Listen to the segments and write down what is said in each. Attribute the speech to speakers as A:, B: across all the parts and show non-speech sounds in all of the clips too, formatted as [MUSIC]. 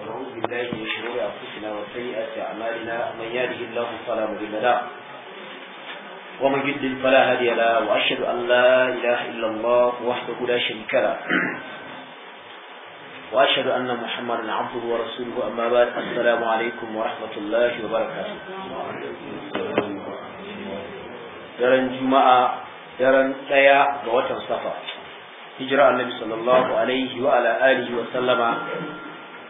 A: ونعوذ بالله من شرور انفسنا وسيئات اعمالنا من يهده الله فلا مضل ومن يضلل فلا هادي له واشهد ان لا اله الا الله وحده لا شريك له [CLEARS THROAT] واشهد ان محمدا عبده ورسوله اما بعد السلام عليكم ورحمه الله وبركاته daren juma'a daren daya ga watan safa hijira annabi sallallahu alaihi wa ala wa sallama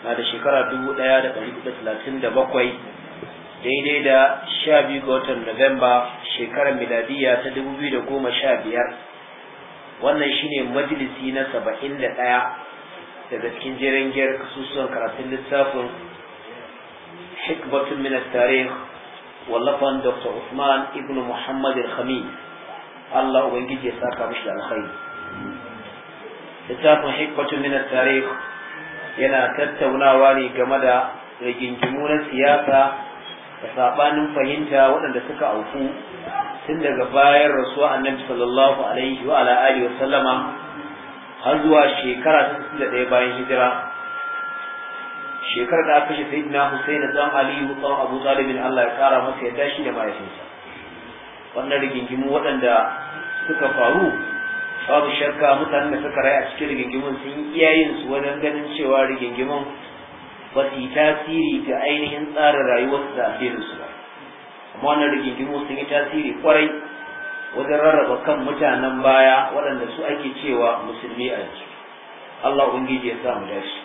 A: na da shekara dubu ɗaya da ɗari talatin da bakwai daidai da sha biyu ga watan Nuwamba shekarar miladiya ta dubu wannan shine majalisi na saba'in da ɗaya daga cikin jerin giyar kasusuwan karatun littafin hikbatun min tarikh wallafan dr usman ibnu muhammad al-khamis Allah Ubangiji ya saka mishi alkhairi littafin hikmatun min tarikh yana tattaunawa ne game da rigingimu na siyasa da sabanin fahimta waɗanda suka auku tun daga bayan rasuwa annabi sallallahu alaihi wa ala wa sallama har zuwa shekara ta da ɗaya bayan hijira shekarar da aka kashe sayyidina Hussein da dan Aliyu tsawon Abu Talib Allah ya kara masa ya tashi da mahaifinsa wannan rigingimu waɗanda suka faru babu shakka mutanen da suka rai a cikin rigingimin sun yi iyayen su wajen ganin cewa rigingimin ba su yi tasiri ga ainihin tsarin rayuwarsu da su ba amma wannan rigingimin sun yi tasiri kwarai wajen rarraba kan mutanen baya waɗanda su ake cewa musulmi a yanzu Allah ubangiji ya sa mu dashi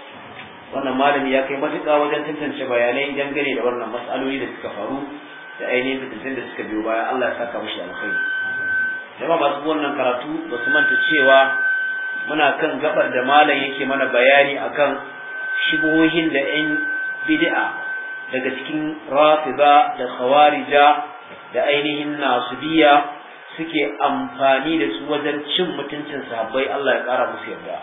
A: wannan malami ya kai matuƙa wajen tantance bayanai dangane da wannan mas'aloli da suka faru da ainihin fitattun da suka biyo baya Allah ya saka mushi alkhairi jama masu wannan karatu ba su manta cewa muna kan gabar da malam yake mana bayani akan shibohin da 'yan bid'a daga cikin rafiza da khawarija da ainihin nasubiya suke amfani da su wajen cin mutuncin sahabbai Allah ya kara musu yarda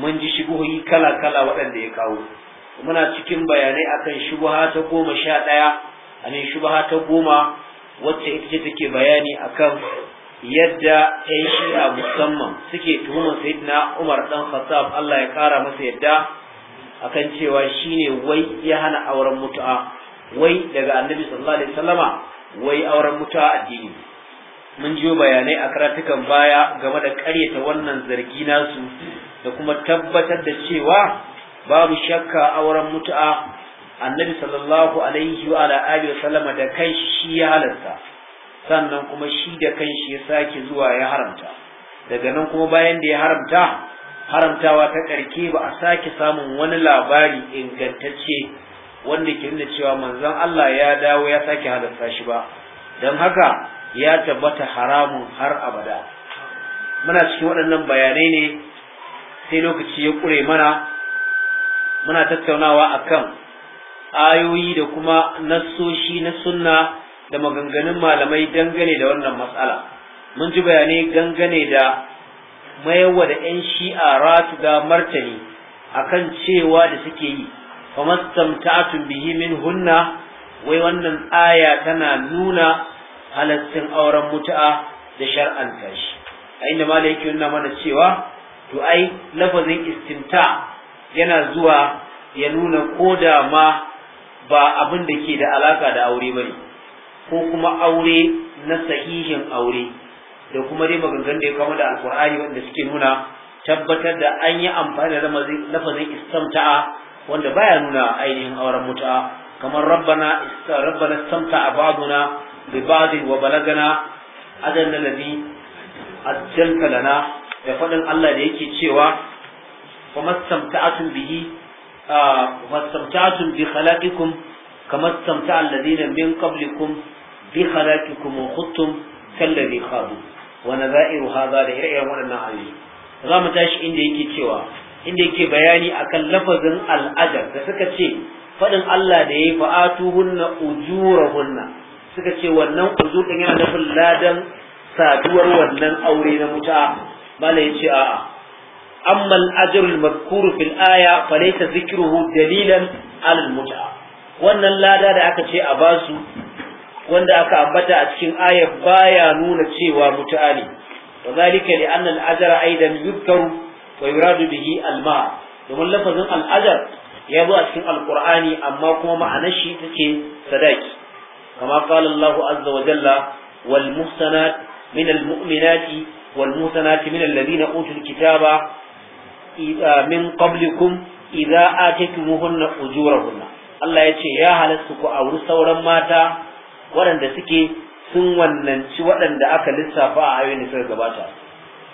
A: mun ji shigohi kala kala waɗanda ya kawo muna cikin bayanai akan shigoha ta goma sha ɗaya a ne shubuha ta goma wacce ita ce take bayani akan yadda ‘yan shi'a musamman suke tuhumar na Umar Ɗan Khattab Allah ya kara masa yadda akan cewa shine wai ya hana auren mutu'a wai daga Annabi sallallahu alaihi wasallama wai auren mutu'a addini mun jiyo bayanai a karatukan baya game da ƙaryata wannan zargi nasu da kuma tabbatar da cewa babu shakka auren mutu'a annabi sallallahu alaihi wa ala alihi wasallama da kan shi ya halarta sannan kuma shi da kan shi ya sake zuwa ya haramta daga nan kuma bayan da ya haramta haramtawa ta karke ba a sake samun wani labari ingantacce wanda ke nuna cewa manzon Allah ya dawo ya sake halarta shi ba don haka ya tabbata haramun har abada muna cikin waɗannan bayanai ne sai lokaci ya ƙure mana muna tattaunawa akan ayoyi da kuma nassoshi na sunna da maganganun malamai dangane da wannan matsala mun ji bayanai dangane da mayawa da 'yan shi'a ratu da martani akan cewa da suke yi famastamta'atun bihi min hunna wai wannan aya tana nuna halaccin auren mutu'a da shar'anta shi a inda malai yake nuna mana cewa to ai lafazin istimta yana zuwa ya nuna koda ma ba abin da ke da alaka da aure bane ko kuma aure na sahihin aure da kuma dai maganganun da ya kama da alkur'ani wanda suke nuna tabbatar da an yi amfani da lafazin istamta'a wanda baya nuna ainihin auren mutu'a kamar rabbana rabbana samta ba'duna bi ba'din wa balagana adan ladhi ajjalta lana da faɗin Allah da yake cewa wa mastamta'atun bihi wa ah, mastamta'atun bi khalaqikum kamar tamta alladina min qablikum bi khalaqikum wa khuttum kalladhi khadu wa nadairu hadha la ya'ya wa lana ali zamu tashi inda yake cewa inda yake bayani akan lafazin al da suka ce fadin Allah da yayi fa'atuhunna ujurahunna suka ce wannan ujur din yana nufin ladan saduwar wannan aure na muta bala yace a'a amma al-ajr al-madhkur fil aya falaysa dhikruhu dalilan al-muta'a wannan lada da aka ce a basu wanda aka ambata a cikin ayar baya nuna cewa mutu'a ne wa zalika li anna al-ajra aidan yuzkaru wa yuradu bihi al-ma domin lafazin al-ajr ya zo a cikin alqur'ani amma kuma ma'anar shi take sadaki kama qala Allah azza wa jalla wal muhsanat min al-mu'minati wal muhsanat min alladhina utul kitaba min qablikum idza ataytumuhunna ujurahunna Allah ya ce ya halatta ku auri sauran mata waɗanda suke sun wannanci waɗanda aka lissafa a ayoyin da suka gabata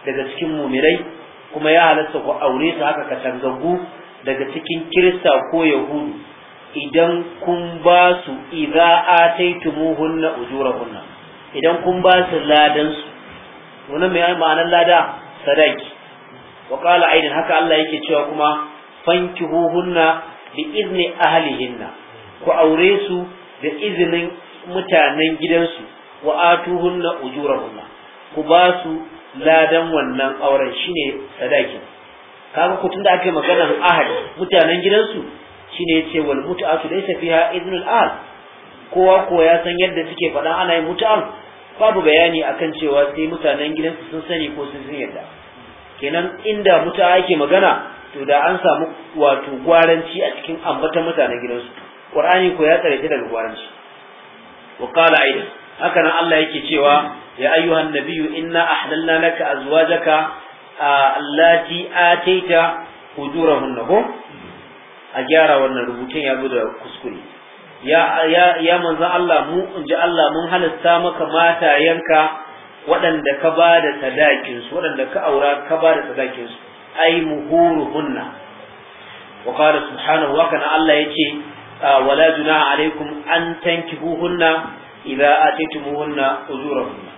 A: daga cikin mumirai kuma ya halatta ku aure su haka ku daga cikin kirista ko yahudu idan kun ba su idza ataytumuhunna ujurahunna idan kun ba su ladan su wannan mai ma'anar lada sadaki wa qala aidan haka Allah yake cewa kuma fankihuhunna bi izni ahlihinna ku aure su da izinin mutanen gidansu wa atuhunna ujurahunna ku ba su ladan wannan auren shine sadakin. kaga ku tunda ake magana maganar ahli mutanen gidansu shine yace wal mut'atu laysa fiha iznul ahl kowa ko ya san yadda suke faɗa ana yin mutu'ar babu bayani akan cewa sai mutanen gidansu sun sani ko sun san yadda kenan inda mutu'a ake magana to da an samu wato gwaranci a cikin ambatan mutanen gidansu qur'ani ko ya tsare ta daga gwaranci wa qala aida haka nan Allah yake cewa ya ayyuhan nabiyyu inna ahlalna laka azwajaka allati ataita hujurahunna ko a gyara wannan rubutun ya zo da kuskure ya ya ya manzon Allah mu inji Allah mun halasta maka matayenka waɗanda ka ba da sadakinsu waɗanda ka aura ka ba da sadakinsu ay muhuruhunna wa qala subhanahu wa kana Allah yace wala juna alaikum an tankihuhunna idza atitumuhunna uzurahunna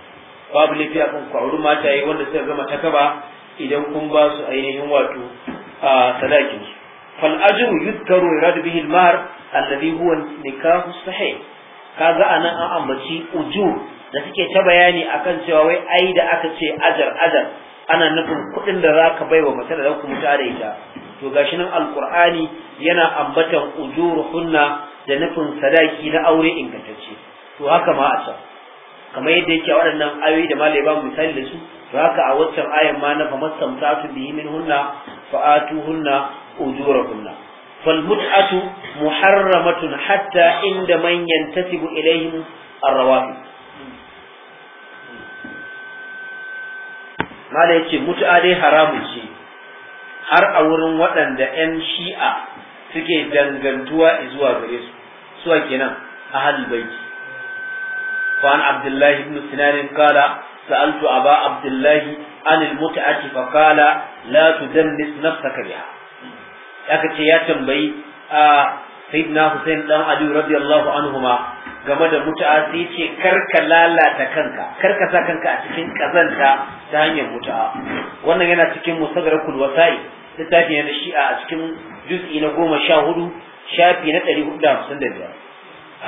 A: babu lafiya kan ku auri mata yi wanda suka gama takaba idan kun ba su ainihin wato sadakin su fal ajru yuzkaru yurad bihi al mar alladhi huwa nikahu sahih kaga anan an ambaci ujur da suke ta bayani akan cewa wai ai da aka ce ajar ajar ana nufin kuɗin da zaka wa wa da ku mutu da ita to gashi nan alqur'ani yana ambatan ujuru-hunna da nufin sadaki na aure ingantacce to haka ma a can kamar yadda yake waɗannan ayoyi da malai ba misali da su to haka a waccan ayan ma na famassamtatu bihi hunna ujura hunna fal mut'atu muharramatun hatta inda man yantasibu ar-rawafid mala yace mutu'a dai haramun ce har a wurin waɗanda 'yan shi'a suke dangantuwa zuwa gare su suwa kenan ahal baiti fa an abdullahi ibn sinan qala سألت Abdullahi an الله عن المتعة فقال لا تدنس نفسك بها aka ce ya tambayi a ah, sayyidina Aliyu dan Ali radiyallahu anhuma game da mutu'a sai ce karka lalata kanka karka sa kanka a cikin kazanta ta hanyar mutu'a wannan yana cikin musadarakul wasa'i littafi na shi'a a cikin juz'i na goma sha hudu shafi na ɗari hudu da hamsin da biyar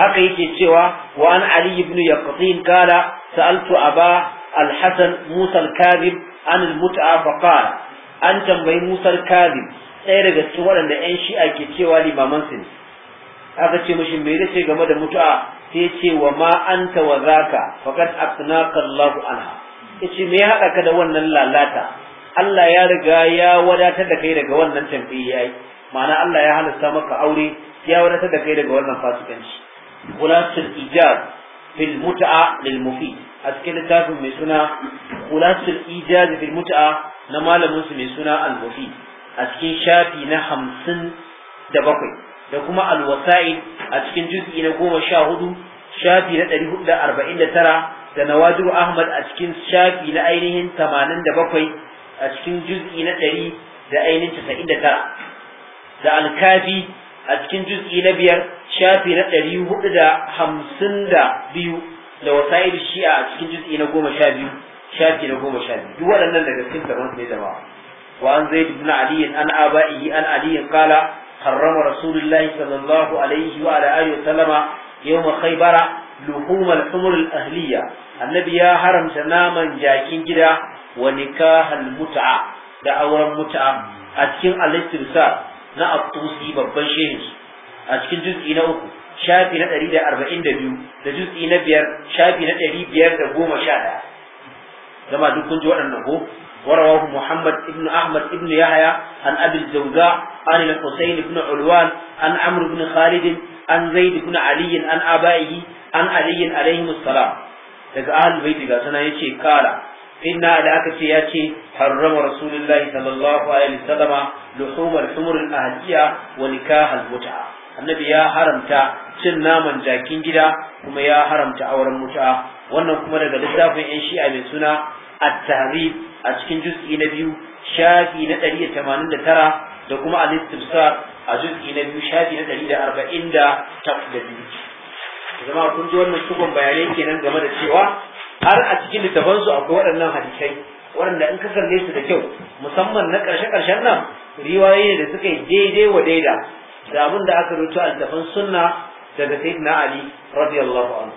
A: haka yake cewa wa an ali ibn yaqtin qala sa'altu aba al-hasan musa al-kadhib an al-mut'a fa qala an tambayi musa al-kadhib ɗaya daga cikin waɗanda 'yan shi'a ke cewa limaman su ne aka ce mashi mai zai game da mutu'a sai ce wa ma anta wa zaka faqad aqnaka Allah anha yace me ya hada ka da wannan lalata Allah ya riga ya wadatar da kai daga wannan tambayi yayi ma'ana Allah ya halasta maka aure ya wadatar da kai daga wannan fasikanci khulasul ijab fil mut'a lil mufid a cikin littafin mai suna khulasul ijaz fil mut'a na malamin su mai suna al mufid a cikin shafi na hamsin da bakwai da kuma alwasa'id a cikin juz'i na goma sha hudu shafi na ɗari hudu da arba'in da tara da nawajiru ahmad a cikin shafi na ainihin tamanin da bakwai a cikin juz'i na ɗari da ainihin casa'in da tara da alkafi a cikin juz'i na biyar shafi na ɗari hudu da hamsin da biyu da Wasa'il shi'a a cikin juz'i na goma sha biyu shafi na goma sha biyu duk waɗannan daga cikin taron ne da ba wa an zaid ibn ali an aba'i an ali qala حرم رسول الله صلى الله عليه وعلى آله وسلم يوم خيبر لحوم الحمر الأهلية النبي يا حرم سناما جاكين جدا ونكاح المتعة دعوة متعة أتكين الاسترسال na Abtusi babban shehin a cikin juz'i na uku shafi na ɗari da arba'in da biyu da juz'i na biyar shafi na ɗari biyar da goma sha ɗaya zama duk kun ji waɗannan ko ورواه محمد بن أحمد بن يحيى عن أبي الزوجاء عن الحسين بن علوان عن عمرو بن خالد عن زيد بن علي عن آبائه عن علي عليهم السلام daga ahal baiti ga sana yace kala inna da aka ce yace harrama rasulullahi sallallahu alaihi wasallama luhumar humurul wani wa nikahal mut'a annabi ya haramta cin naman jakin gida kuma ya haramta auren mut'a wannan kuma daga littafin yan shi'a mai suna at-tahrib a cikin juz'i na biyu shafi na ɗari da tamanin da tara da kuma al-istifsar a juz'i na biyu shafi na ɗari da arba'in da da biyu zama kun ji wannan cikon bayanai kenan game da cewa har a cikin littafansu akwai waɗannan hadisai waɗanda in ka kalle su da kyau musamman na ƙarshe-ƙarshen nan ne da suka yi daidai wa daida da abin da aka rubuta a littafin sunna daga sayyidina ali radiyallahu anhu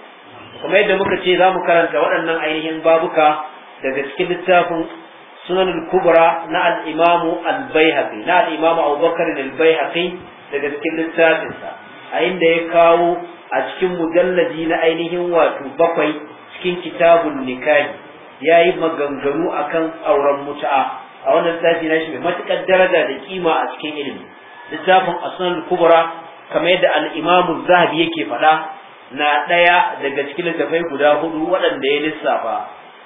A: kuma yadda muka ce za mu karanta waɗannan ainihin babuka daga cikin littafin sunan kubra na al al na al abubakar al-baihaqi daga cikin littafinsa a inda ya kawo a cikin mujallaji na ainihin wato bakwai cikin kitabun nikahi ya yi maganganu akan auren mutu'a a wannan littafi na shi mai matuƙar daraja da kima a cikin ilimi littafin sunan kubra kamar yadda al'imamu zahabi yake faɗa na ɗaya daga cikin littafai guda hudu waɗanda ya lissafa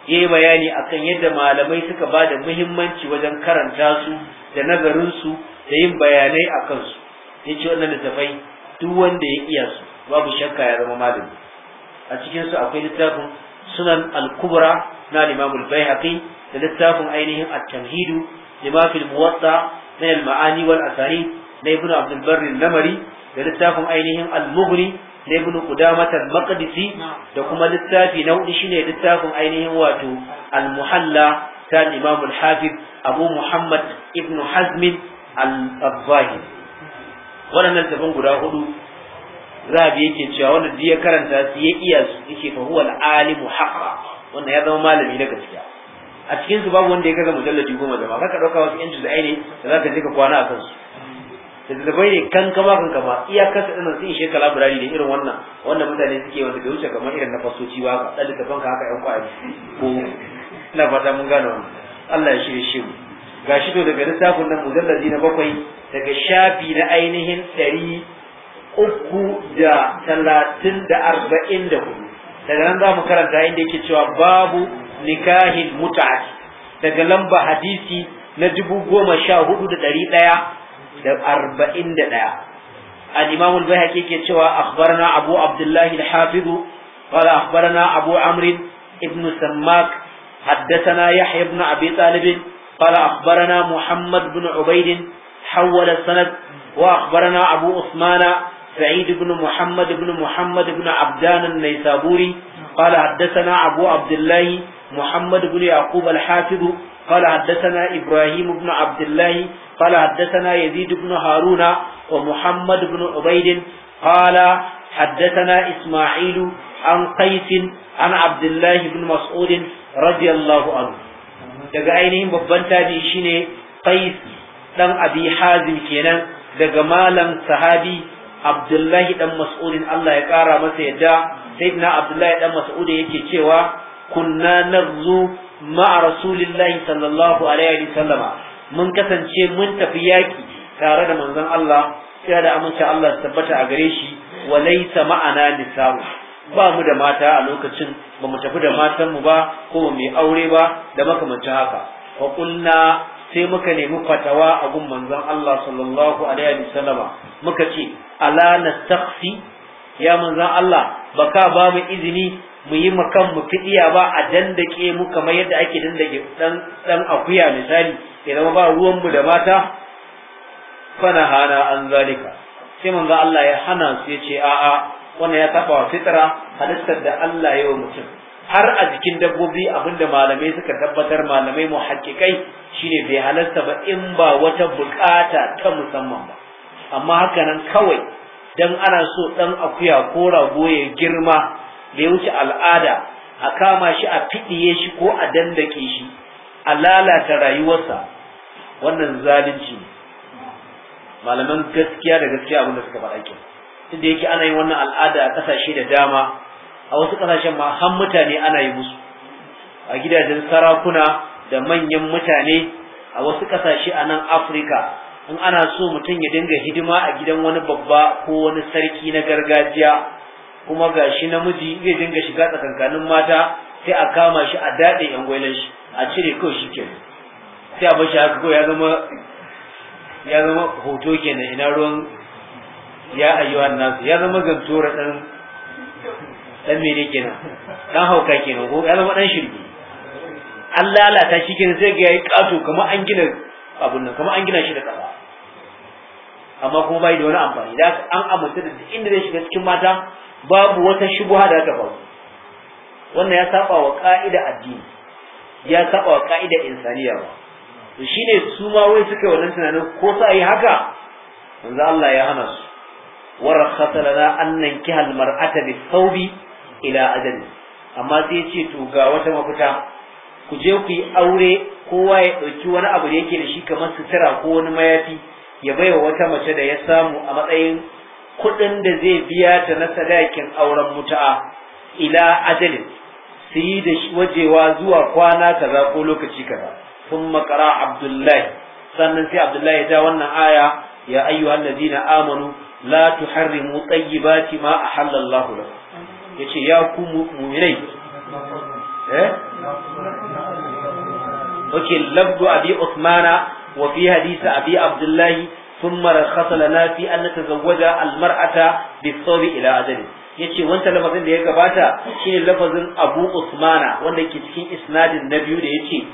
A: ya yi bayani akan yadda malamai suka ba da muhimmanci wajen karanta su da su da yin bayanai a kansu ya ce wannan littafai duk wanda ya iya su babu shakka ya zama malami a cikinsu akwai littafin sunan al-kubra na limamul bayhaqi da littafin ainihin at-tamhidu Limafil fil muwatta na al-ma'ani wal asari na ibnu abdul barri namari da littafin ainihin al da ibn qudamah al-maqdisi da kuma littafi na hudu shine littafin ainihin wato al-muhalla ta imam al-hafiz abu muhammad ibn hazm al-zahir wannan littafin guda hudu rabi yake cewa wanda duk ya karanta su ya iya su yake fa huwa al alim haqqa wannan ya zama malami na gaskiya a cikin su babu wanda ya kaza mujalladi goma da ba ka dauka wasu yan juz'ai ne da zaka je ka kwana a kansu littattafai ne kan kama kan kama iyakar su ɗinan sun ishe ka labirari da irin wannan wanda mutane suke wanda bai wuce kamar irin na fasoci ba haka ɗan littattafan ka haka ƴan kwari ko ina fata mun gane wannan Allah ya shirye shi Ga shi to daga littafin nan mujallazi na bakwai daga shafi na ainihin ɗari uku da talatin da arba'in da hudu daga nan za mu karanta inda yake cewa babu nikahin mutane, daga lamba hadisi na dubu goma sha hudu da ɗari ɗaya da arba'in da ɗaya al-imam al-bayhaqi cewa akhbarana abu abdullahi al-hafiz qala akhbarana abu amr ibn sammak haddathana yahya ibn abi talib qala akhbarana muhammad ibn ubayd sanad wa وأخبرنا abu عثمان سعيد بن محمد بن محمد بن عبدان النيسابوري قال حدثنا أبو عبد الله محمد بن يعقوب الحافظ قال حدثنا إبراهيم بن عبد الله قال حدثنا يزيد بن هارون ومحمد بن عبيد قال حدثنا إسماعيل عن قيس عن عبد الله بن مسعود رضي الله عنه daga ainihin babban tabi shine qais dan abi hazim kenan daga malam sahabi abdullahi dan mas'udin Allah ya kara masa yadda sayyidina abdullahi dan mas'ud yake cewa kunna zu. ma'a rasulillahi sallallahu alaihi wa sallam, mun kasance mun tafi yaki tare da manzon Allah sai da amince Allah tabbata a gare shi wa laysa ma'ana nisa. ba mu da mata a lokacin ba mu tafi da matan mu ba ko ba mai aure ba da makamancin haka fa sai muka nemi fatawa a gun manzon Allah sallallahu alaihi wasallama muka ce ala nastakhfi ya manzon Allah baka ba mu izini mu yi makan mu fidiya ba a dandake mu kamar yadda ake dandake dan dan akuya misali idan ba ruwan mu da mata fana hana an zalika sai mun ga Allah ya hana su yace a a wannan ya taba fitra halittar da Allah ya wa mutum har a jikin dabbobi abinda malamai suka tabbatar malamai mu hakikai shine bai halarta ba in ba wata bukata ta musamman ba amma haka nan kawai dan ana so dan akuya ko rago ya girma da ya wuce al'ada a kama shi a fiɗiye shi ko a dandake shi a lalata rayuwarsa wannan zalunci ne malaman gaskiya da gaskiya abinda suka faɗa ke tunda yake ana yin wannan al'ada a ƙasashe da dama a wasu ƙasashen ma han mutane ana yi musu a gidajen sarakuna da manyan mutane a wasu ƙasashe a nan afirka in ana so mutum ya dinga hidima a gidan wani babba ko wani sarki na gargajiya kuma ga shi namiji zai dinga shiga tsakankanin mata sai a kama shi a daɗe yan gwailan shi a cire kawai shi ke sai a bashi haka ko ya zama ya zama hoto kenan ina ruwan ya ayyuhan nasu ya zama gantora dan dan mene kenan dan hauka kenan ko ya zama dan shirki an lalata shi kenan sai ga yayi kato kamar an gina abun nan kamar an gina shi da kafa amma kuma bai da wani amfani da an amince da inda zai shiga cikin mata babu wata shubuha da aka faru wannan ya saba wa ka'ida addini ya saba wa ka'ida insaniya ba to shine su ma wai suka wannan tunanin ko sa yi haka manzo Allah ya hana su wa rakhata lana an nankiha al mar'ata bi thawbi ila ajali amma sai ce to ga wata mafita ku je ku yi aure kowa ya dauki wani abu da yake da shi kamar sutura ko wani mayafi ya baiwa wata mace da ya samu a matsayin kuɗin da zai biya ta na sadakin auren mutu'a ila ajalin su yi da wajewa zuwa kwana kaza ko lokaci kaza sun makara abdullahi sannan sai abdullahi ya ja wannan aya ya ayyu allazina amanu la tuharrimu tayyibati ma ahalla Allahu lakum yace ya ku mu'minai eh okay labdu abi usmana wa fi hadisi abi abdullahi ثم رخص لنا في أن نتزوج المرأة بالصوب إلى أجل yace wancan lafazin da ya gabata shine lafazin Abu Usmana wanda yake cikin isnadin na biyu da yace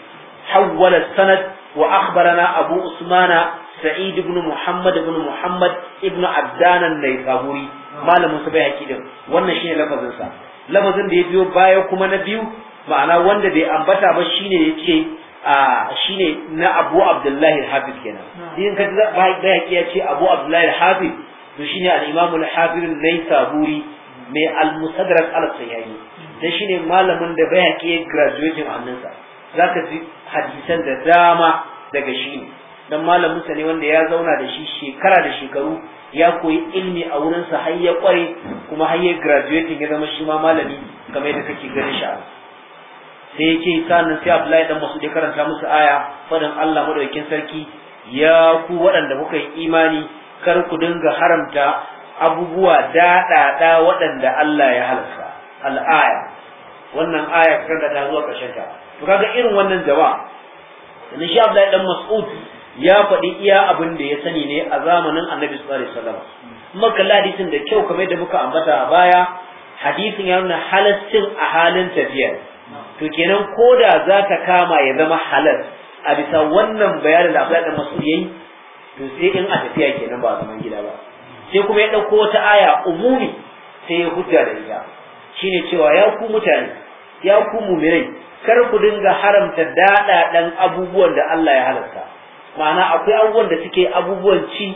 A: hawwala sanad wa akhbarana Abu Usmana Sa'id ibn Muhammad ibn Muhammad ibn Abdan an-Naisaburi malamin sa bai hakidin wannan shine lafazin sa lafazin da ya biyo baya kuma na biyu ma'ana wanda bai ambata ba shine yace Ah, shi ne na abu abdullahi hafiz kenan ah. in ka ba ya ce abu abdullahi hafiz to shine al imam al-hafiz zai saburi mai al-musadrak al-sayyani shi shine malamin da ba ya graduating hannunsa zaka ji hadisan da dama daga shi ne dan malamin sa ne wanda ya zauna da shi shekara da shekaru ya koyi ilmi a wurin sa har ya kware kuma har ya graduating ya zama shi ma malami kamar yadda kake ganin shi sai yake sanin sai Abdullahi dan Mas'ud ya karanta musu aya faɗin Allah madaukakin sarki ya ku waɗanda kuka yi imani kar ku dinga haramta abubuwa daɗaɗa waɗanda Allah ya halasta al'aya wannan aya kan da ta zuwa ƙarshen ta to kaga irin wannan jama'a ni shi Abdullahi dan Mas'ud ya faɗi iya abin da ya sani ne a zamanin Annabi sallallahu alaihi wasallam maka hadisin da kyau kamar da muka ambata a baya hadisin ya nuna halastin a halin tafiyar to kenan ko da za ka kama ya zama halal a bisa wannan bayanin da abu da masu yayi to sai in a tafiya kenan ba zaman gida ba sai kuma ya ɗauko wata aya umumi sai ya hujja da ita shine cewa ya ku mutane ya ku mumirai kar ku dinga haramta daɗaɗen abubuwan da Allah ya halarta ma'ana akwai abubuwan da suke abubuwan ci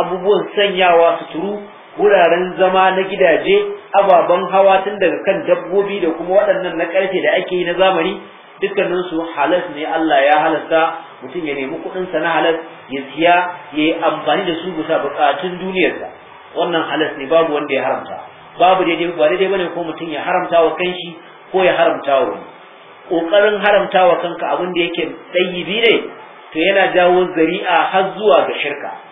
A: abubuwan sanyawa suturu wuraren zama na gidaje ababen hawa tun daga kan dabbobi da kuma waɗannan na ƙarfe da ake yi na zamani dukkanin su halas ne Allah ya halasta mutum ya nemi kuɗinsa na halas ya siya ya yi amfani da su bisa buƙatun duniyarsa wannan halas ne babu wanda ya haramta babu daidai ba daidai bane ko mutum ya haramta wa kanshi ko ya haramta wa wani ƙoƙarin haramta wa kanka abin da yake ɗayibi ne to yana jawo zari'a har zuwa ga shirka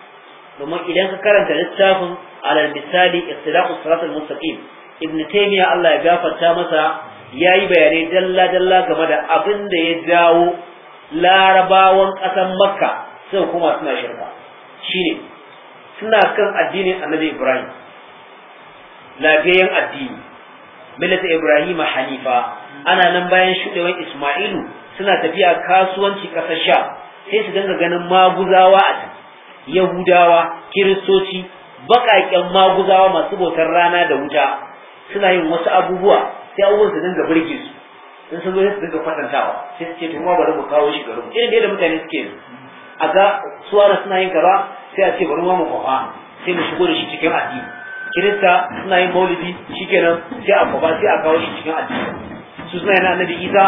A: domin idan ka karanta littafin alal misali ikhtilaqu siratal mustaqim ibn taymiya Allah ya gafarta masa yayi bayanai dalla dalla game da abin da ya jawo larabawan ƙasar makka sun kuma suna shirka shine suna kan addinin annabi ibrahim lafiyayyen addini millata ibrahim hanifa ana nan bayan shuɗewar isma'ilu suna tafiya kasuwanci ƙasar sha sai su dinga ganin maguzawa a ciki yahudawa kiristoci baƙaƙen maguzawa masu bautar rana da wuta suna yin wasu abubuwa sai abubuwan su dinga birge su in sun zo sai su dinga kwatantawa sai su ce to bari mu kawo shi garin irin da mutane suke yi a ga suwara suna yin gaba sai a ce bari ma mu kwafa sai mu shigo da shi cikin addini kirista suna yin maulidi shikenan sai a kwafa sai a kawo shi cikin addini su suna yin annabi isa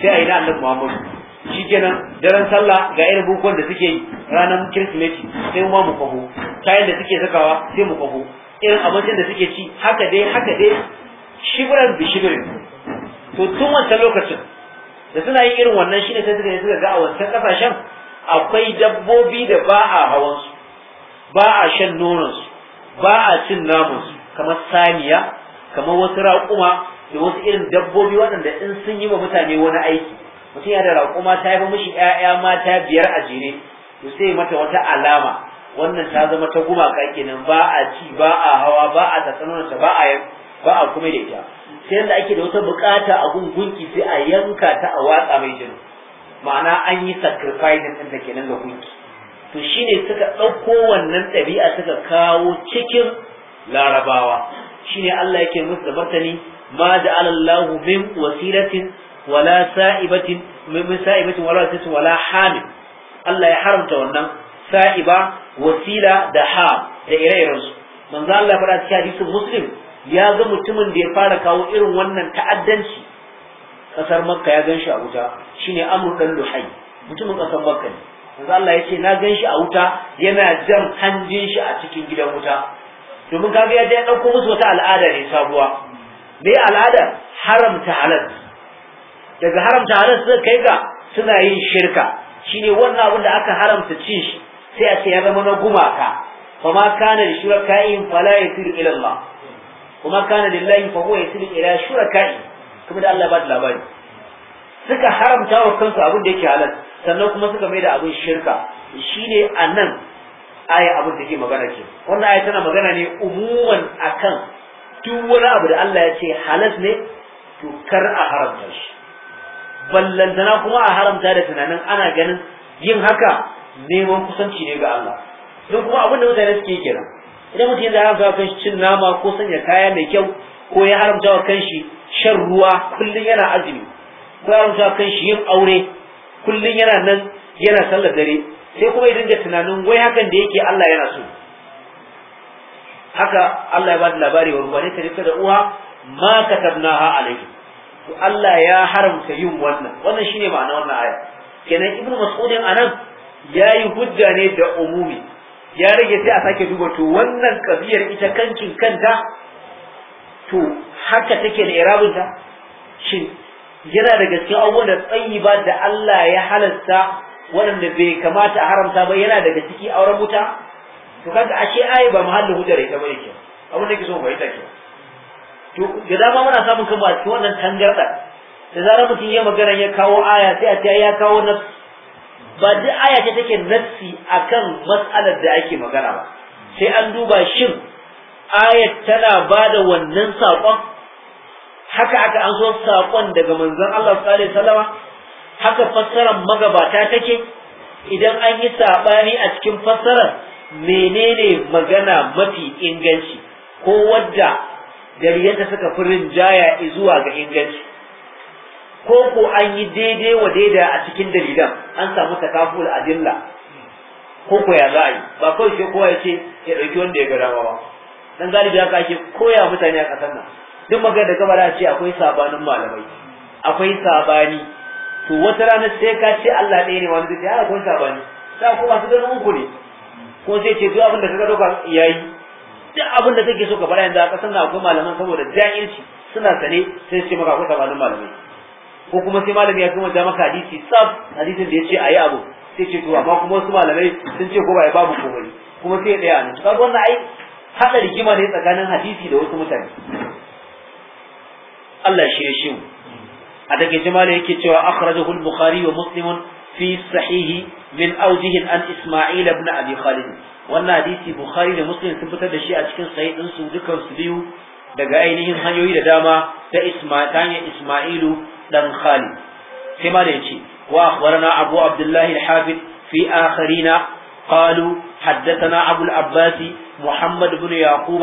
A: sai a yi na annabi muhammadu kenan daren sallah ga irin bukuwan da suke yi ranar kirsimeti sai mu mu kwabo kayan da suke sakawa sai mu kwabo irin abincin da suke ci haka dai haka dai shibiran bi shibirin to tun wancan lokacin da suna yin irin wannan shine sai suka suka ga a wancan kasashen akwai dabbobi da ba a hawansu ba a shan su, ba a cin namansu kamar saniya kamar wasu raƙuma da wasu irin dabbobi waɗanda in sun yi wa mutane wani aiki mutum yana da raƙuma ta haifa mishi ƴaƴa mata biyar a jere to sai mata wata alama wannan ta zama ta gumaka kenan ba a ci ba a hawa ba a ta ba a ba a kuma da ita sai yadda ake da wata bukata a gungunki sai a yanka ta a watsa mai jini ma'ana an yi sacrifice din da kenan ga gunki to shine suka ɗauko wannan ɗabi'a suka kawo cikin larabawa shine Allah yake musu da martani ma da Allahu min wasilatin wala sa'ibatin min wala tisu wala hamil Allah ya haramta wannan sa'iba wasila da ha da ire-iren su manzo Allah ya faɗa cikin hadisin muslim ya ga mutumin da ya fara kawo irin wannan ta'addanci Ƙasar makka ya gan shi a wuta shine amr dan luhai mutumin ƙasar makka ne manzo ya ce na gan shi a wuta yana jan hanjin shi a cikin gidan wuta domin kaga ya je ya dauko musu wata al'ada ne sabuwa me al'ada haramta halal daga haramta halal suka kai ga suna yin shirka Shi ne wannan abin da aka haramta cin shi sai a ce ya zama na gumaka fama kana da fa fala yasiru ila Allah kuma kana lillahi fa huwa yasiru ila shurakain kuma da Allah ba da labari suka haramta wa kansu abin da yake halal sannan kuma suka mai da abin shirka shine anan aya abin da ke magana ke. wannan aya tana magana ne umuman akan duk wani abu da Allah ya ce halal ne to kar a haramta shi ballantana kuma a haramta da tunanin ana ganin yin haka neman kusanci ne ga Allah don kuma abin da mutane suke kira idan mutum ya haramta kan shi cin nama ko sanya kaya mai kyau ko ya haramta wa kan shi shan ruwa kullum yana azumi ko ya haramta wa kan shi yin aure kullum yana nan yana sallar dare sai kuma ya dinga tunanin wai hakan da yake Allah yana so haka Allah ya ba da labari wa ta da uwa ma katabnaha alaihi to Allah ya haramta yin wannan wannan shine ma'ana wannan aya kenan ibnu mas'udin anan yayi hujja ne da umumi ya rage sai a sake duba to wannan kabiyar ita kancin kanta to haka take da irabinta shin yana daga cikin abubuwan da tsayi ba da Allah ya halasta waɗanda bai kamata a haramta ba yana daga ciki auren wuta to kaga ashe ayi ba mahallin hujjar ita bane ke abin da ke so fahimta kenan. to da dama muna samun kama a wannan tangarda da zarar mutum ya magana ya kawo aya sai a ce ya kawo na. ba duk aya ce take nassi akan mas'alar da ake magana ba sai an duba shin ayat tana ba da wannan saƙon haka aka an zo saƙon daga manzon Allah sallallahu alaihi wasallam haka fassarar magabata take idan an yi saɓani a cikin fassarar menene magana mafi inganci ko wadda dariyar yadda suka fi rinjaya zuwa ga inganci ko ko an yi daidai wa daidai a cikin dalilan an samu takaful adilla ko ko ya za a yi ba kawai sai kowa ya ce ya ɗauki wanda ya ga dama ba dan galibi haka ake koya mutane a ƙasar nan duk magana da gaba da ce akwai sabanin malamai akwai sabani to wata rana sai ka ce Allah ɗaya ne wani zai ce akwai sabani da ko masu ganin uku ne ko sai ce duk abin da ka ga ya yayi duk abin da take so ka fara yanzu a kasan na akwai malaman saboda jahilci suna sane sai su ce maka akwai tabanin malamai ko kuma sai malami ya kuma ja maka hadisi sab hadisin da ya ce a yi abu sai ce to amma kuma wasu malamai sun ce ko ba ya babu komai kuma sai ya tsaya nan kaga wannan ai haɗa rigima ne tsakanin hadisi da wasu mutane Allah shi ya shi mu a take jimala yake cewa akhrajahu al-bukhari wa muslim fi sahihi min awjihin an isma'il ibn abi khalid wannan hadisi bukhari da muslim sun fitar da shi a cikin sahih din su su biyu daga ainihin hanyoyi da dama ta isma ta isma'ilu dan khalid sai ma da yace wa akhbarana abu abdullahi al-hafiz fi akharina قالوا حدثنا أبو العباس محمد بن يعقوب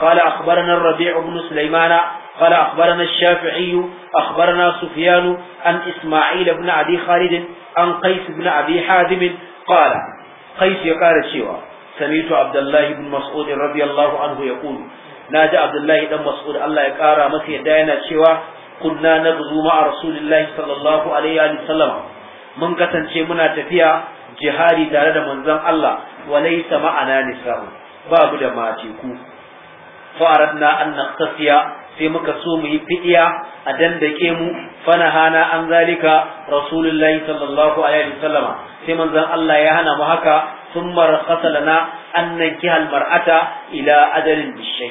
A: قال أخبرنا الربيع بن سليمان قال أخبرنا الشافعي أخبرنا سفيان عن إسماعيل بن أبي خالد عن قيس بن أبي حازم قال قيس يقال شيئا سمعت عبد الله بن مسعود رضي الله عنه يقول ناجى عبد الله بن مسعود الله يقارى متى داينا شوى كنا نغزو مع رسول الله صلى الله عليه وسلم من قتن منا تفيا جهادي تارد منزم الله وليس معنا نساء باب دماتي ku فأردنا أن نقتصي sai muka so mu yi fidiya a dandake mu fana hana an zalika rasulullahi sallallahu alaihi wasallama sai manzon Allah ya hana mu haka sun rakhasa lana an nankihal mar'ata ila ajalin bishay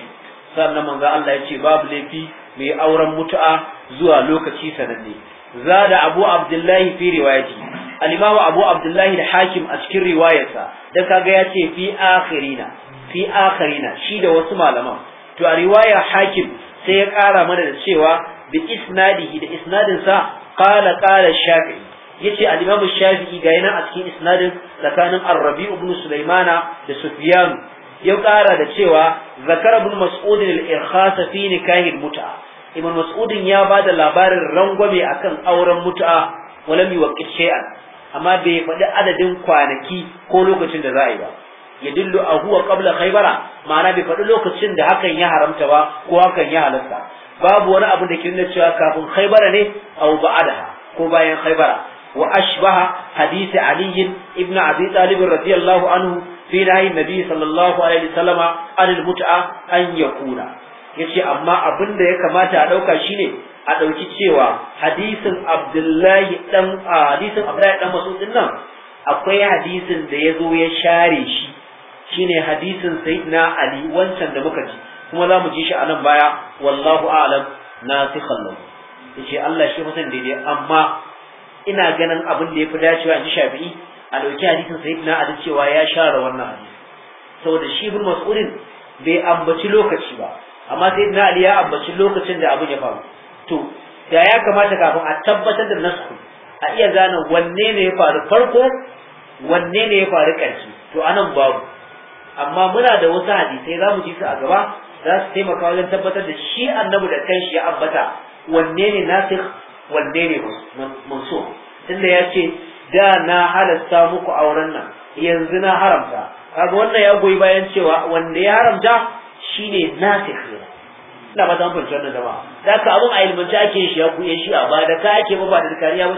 A: sannan manzon Allah ya ce babu laifi mai auren mutu'a zuwa lokaci sananne zada abu abdullahi fi riwayati al-imamu abu abdullahi da hakim a cikin riwayarsa da kaga ya ce fi akhirina fi akhirina shi da wasu malaman to a riwayar hakim sai ya ƙara mana da cewa bi isnadihi da isnadin sa qala qala shafi'i yace al-imam shafi'i ga yana a cikin isnadin tsakanin ar-rabi ibn sulaimana da sufyan ya ƙara da cewa zakara ibn mas'ud al-irkhas fi nikahi al-mut'a ibn mas'ud ya ba da labarin rangwame akan auren mut'a walam yuwaqqit shay'an amma bai faɗi adadin kwanaki ko lokacin da za a yi ba yadullu a huwa qabla khaybara ma'ana bai faɗi lokacin da hakan ya haramta ba ko hakan ya halatta babu wani abu da ke nuna cewa kafin khaybara ne aw ba'adaha ko bayan khaybara wa ashbaha hadisi ali ibn abi talib radiyallahu anhu fi nahi nabi sallallahu alaihi wasallam anil mut'a an yakuna yace amma abin da ya kamata a dauka shine a dauki cewa hadisin abdullahi dan hadisin abdullahi dan mas'ud din nan akwai hadisin da ya zo ya share shi shine hadisin sayyidina ali wancan da muka ji kuma za mu ji shi a nan baya wallahu a'lam nasikhan lahu yace Allah shi musan daidai amma ina ganin abin da yafi dacewa in ji Shafi'i a dauki hadisin sayyidina ali cewa ya share wannan hadisi saboda shi ibn mas'udin bai ambaci lokaci ba amma sayyidina ali ya ambaci lokacin da abin ya faru to da ya kamata kafin a tabbatar da nasu a iya gane wanne ne ya faru farko wanne ne ya faru ƙarshe to anan babu amma muna da wasu hadisai za mu ji su a gaba za su taimaka wajen tabbatar da shi annabi da kanshi ya ambata wanne ne nasikh wanne ne manso tunda ya ce da na halasta muku auren nan yanzu na haramta kaga wannan ya goyi bayan cewa wanda ya haramta shine nasikh ne ina ba ta fahimci wannan jama'a da ka abun a ilmance ake shi ya kuye shi a ba da ka ake ba ba da kariya ba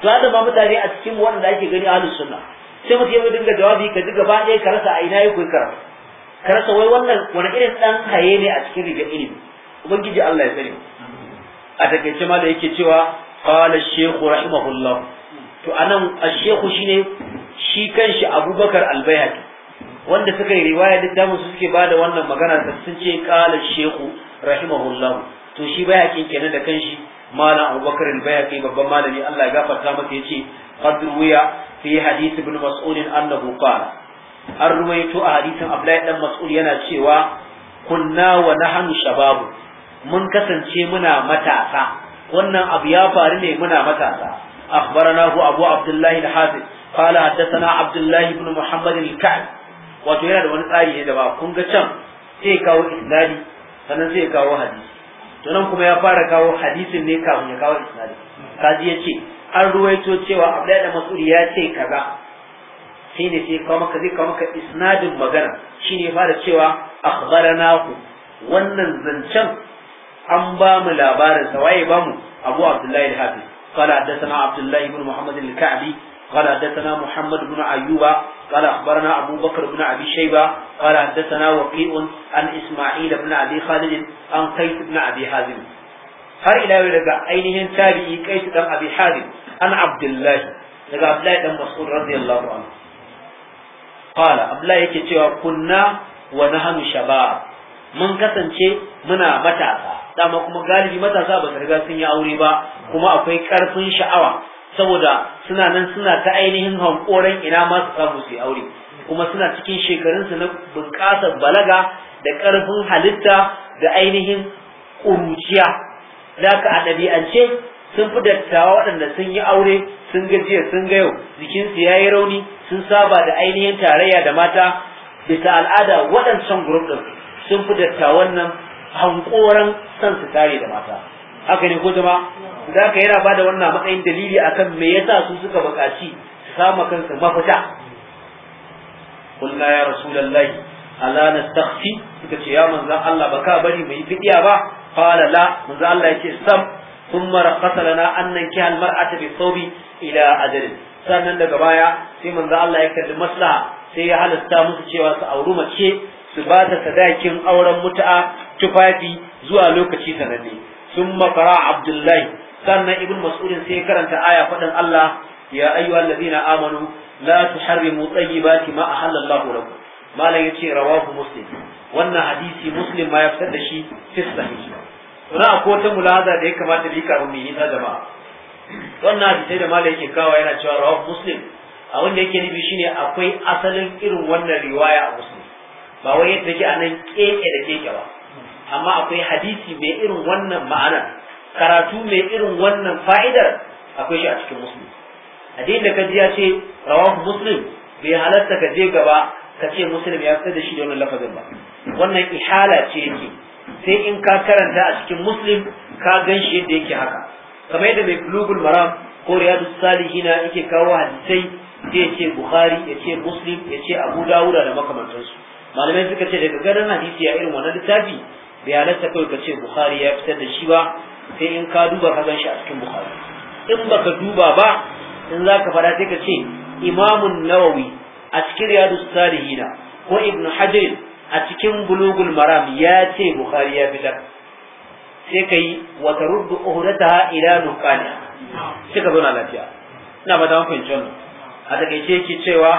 A: ce to ba mutane a cikin wanda ake gani a sunna sai mutum ya dinga jawabi ka ji gaba ɗaya ka rasa a ina ya koyi ka rasa wai wannan wani irin ɗan haye ne a cikin rigar ilimi ubangiji Allah ya sani a takaice ma da yake cewa qala shehu rahimahullah to anan nan a shine shi kanshi Abubakar Albayyaki, wanda suka yi riwaya littafin su suke bada wannan magana da sun ce qala shaykhu rahimahullah to shi Baihaqi kenan da kanshi malam Abubakar al babban malami Allah ya gafarta masa yace قد روي في حديث ابن مسعود أنه قال الرويت حديث أبلاء بن مسعود cewa, شوى كنا ونحن شباب من kasance muna matasa. wannan abu ya faru ne muna matasa akhbaranahu abu abdullahi al-hafiz qala haddathana abdullahi ibn muhammad al-ka'b wato yana da wani tsari ne da ba kun ga can sai kawo isnadi sannan sai kawo hadisi to nan kuma ya fara kawo hadisin ne kafin ya kawo isnadi kaji ya ce an ruwaito cewa Abdullahi da Mas'ud ya ce kaza shine sai kawo maka zai kawo maka isnadin magana shine fara cewa akhbaranahu wannan zancen an ba mu labarin sa waye ba mu Abu Abdullahi al-Hafiz قال حدثنا عبد الله بن محمد الكعبي قال حدثنا محمد بن أيوب قال أخبرنا أبو بكر بن أبي شيبة قال حدثنا وقيع عن إسماعيل بن أبي خالد عن قيس بن أبي حازم har ila yau daga ainihin tabi'i kai dan abi an abdullahi daga abdullahi dan mas'ud radiyallahu anhu qala abdullahi yake cewa kunna wa nahnu shabab mun kasance muna matasa dama kuma galibi matasa ba su riga sun yi aure ba kuma akwai karfin sha'awa saboda suna nan suna ta ainihin hankoran ina ma su samu su yi aure kuma suna cikin shekarunsu na bunƙasar balaga da ƙarfin halitta da ainihin ƙuruciya da ka a ɗabi'ance sun fi dattawa waɗanda sun yi aure sun gajiya sun ga yau jikinsu ya yi rauni sun saba da ainihin tarayya da mata ta al'ada waɗancan gurup ɗin sun fi dattawan nan hankoran son su tare da mata haka ne ko jama da ka yana ba da wannan matsayin dalili akan me yasa su suka buƙaci su samu kansu mafita Kullum ya rasulallahi ala nastaghfi suka ce ya manzon Allah baka bari mu yi fidiya ba fa la manzon Allah yake sam ثم رقص لنا أن ننكح المرأة بالصوب إلى أجل sannan daga baya sai manzo Allah ya kalli maslaha sai ya halasta musu cewa su auri mace su ba ta sadakin auren mutu'a tufafi zuwa lokaci sananne sun makara abdullahi sannan ibn mas'udin sai ya karanta aya faɗin Allah ya ayyuhal ladina amanu la tuharrimu tayyibati ma ahallallahu lakum malam yace rawahu muslim wannan hadisi muslim ma ya fitar da shi fi sahih suna ko ta mulaza da ya kamata bi kafin mu yi ta jama'a wannan hadisai da malai yake kawo yana cewa rawa muslim a wanda yake nufi shine akwai asalin irin wannan riwaya a muslim ba wai yadda a anan keke da keke ba amma akwai hadisi mai irin wannan ma'anar karatu mai irin wannan fa'idar akwai shi a cikin muslim hadisin da kaji ya ce rawahu muslim bai halatta ka je gaba ka ce muslim ya fitar da shi da wannan lafazin ba wannan ihala ce yake sai in ka karanta a cikin muslim ka gan shi yadda yake haka kamar yadda mai bulugul maram ko riyadu salihina yake kawo hadisai sai ya ce bukhari ya ce muslim ya ce abu dawuda da makamantansu malamai suka ce daga ganin hadisi ya irin wannan littafi bai halatta kawai ka ce bukhari ya fitar da shi ba sai in ka duba ka gan shi a cikin bukhari in baka duba ba in za ka fara sai ka ce imamun nawawi a cikin riyadu salihina ko ibn hajjaj a cikin bulugul maram ya ce bukhari ya fitar sai ka yi wata ruddu uhudataha ila nukaniya sai ka zauna lafiya ina ba dama fahimci wannan a takaice yake cewa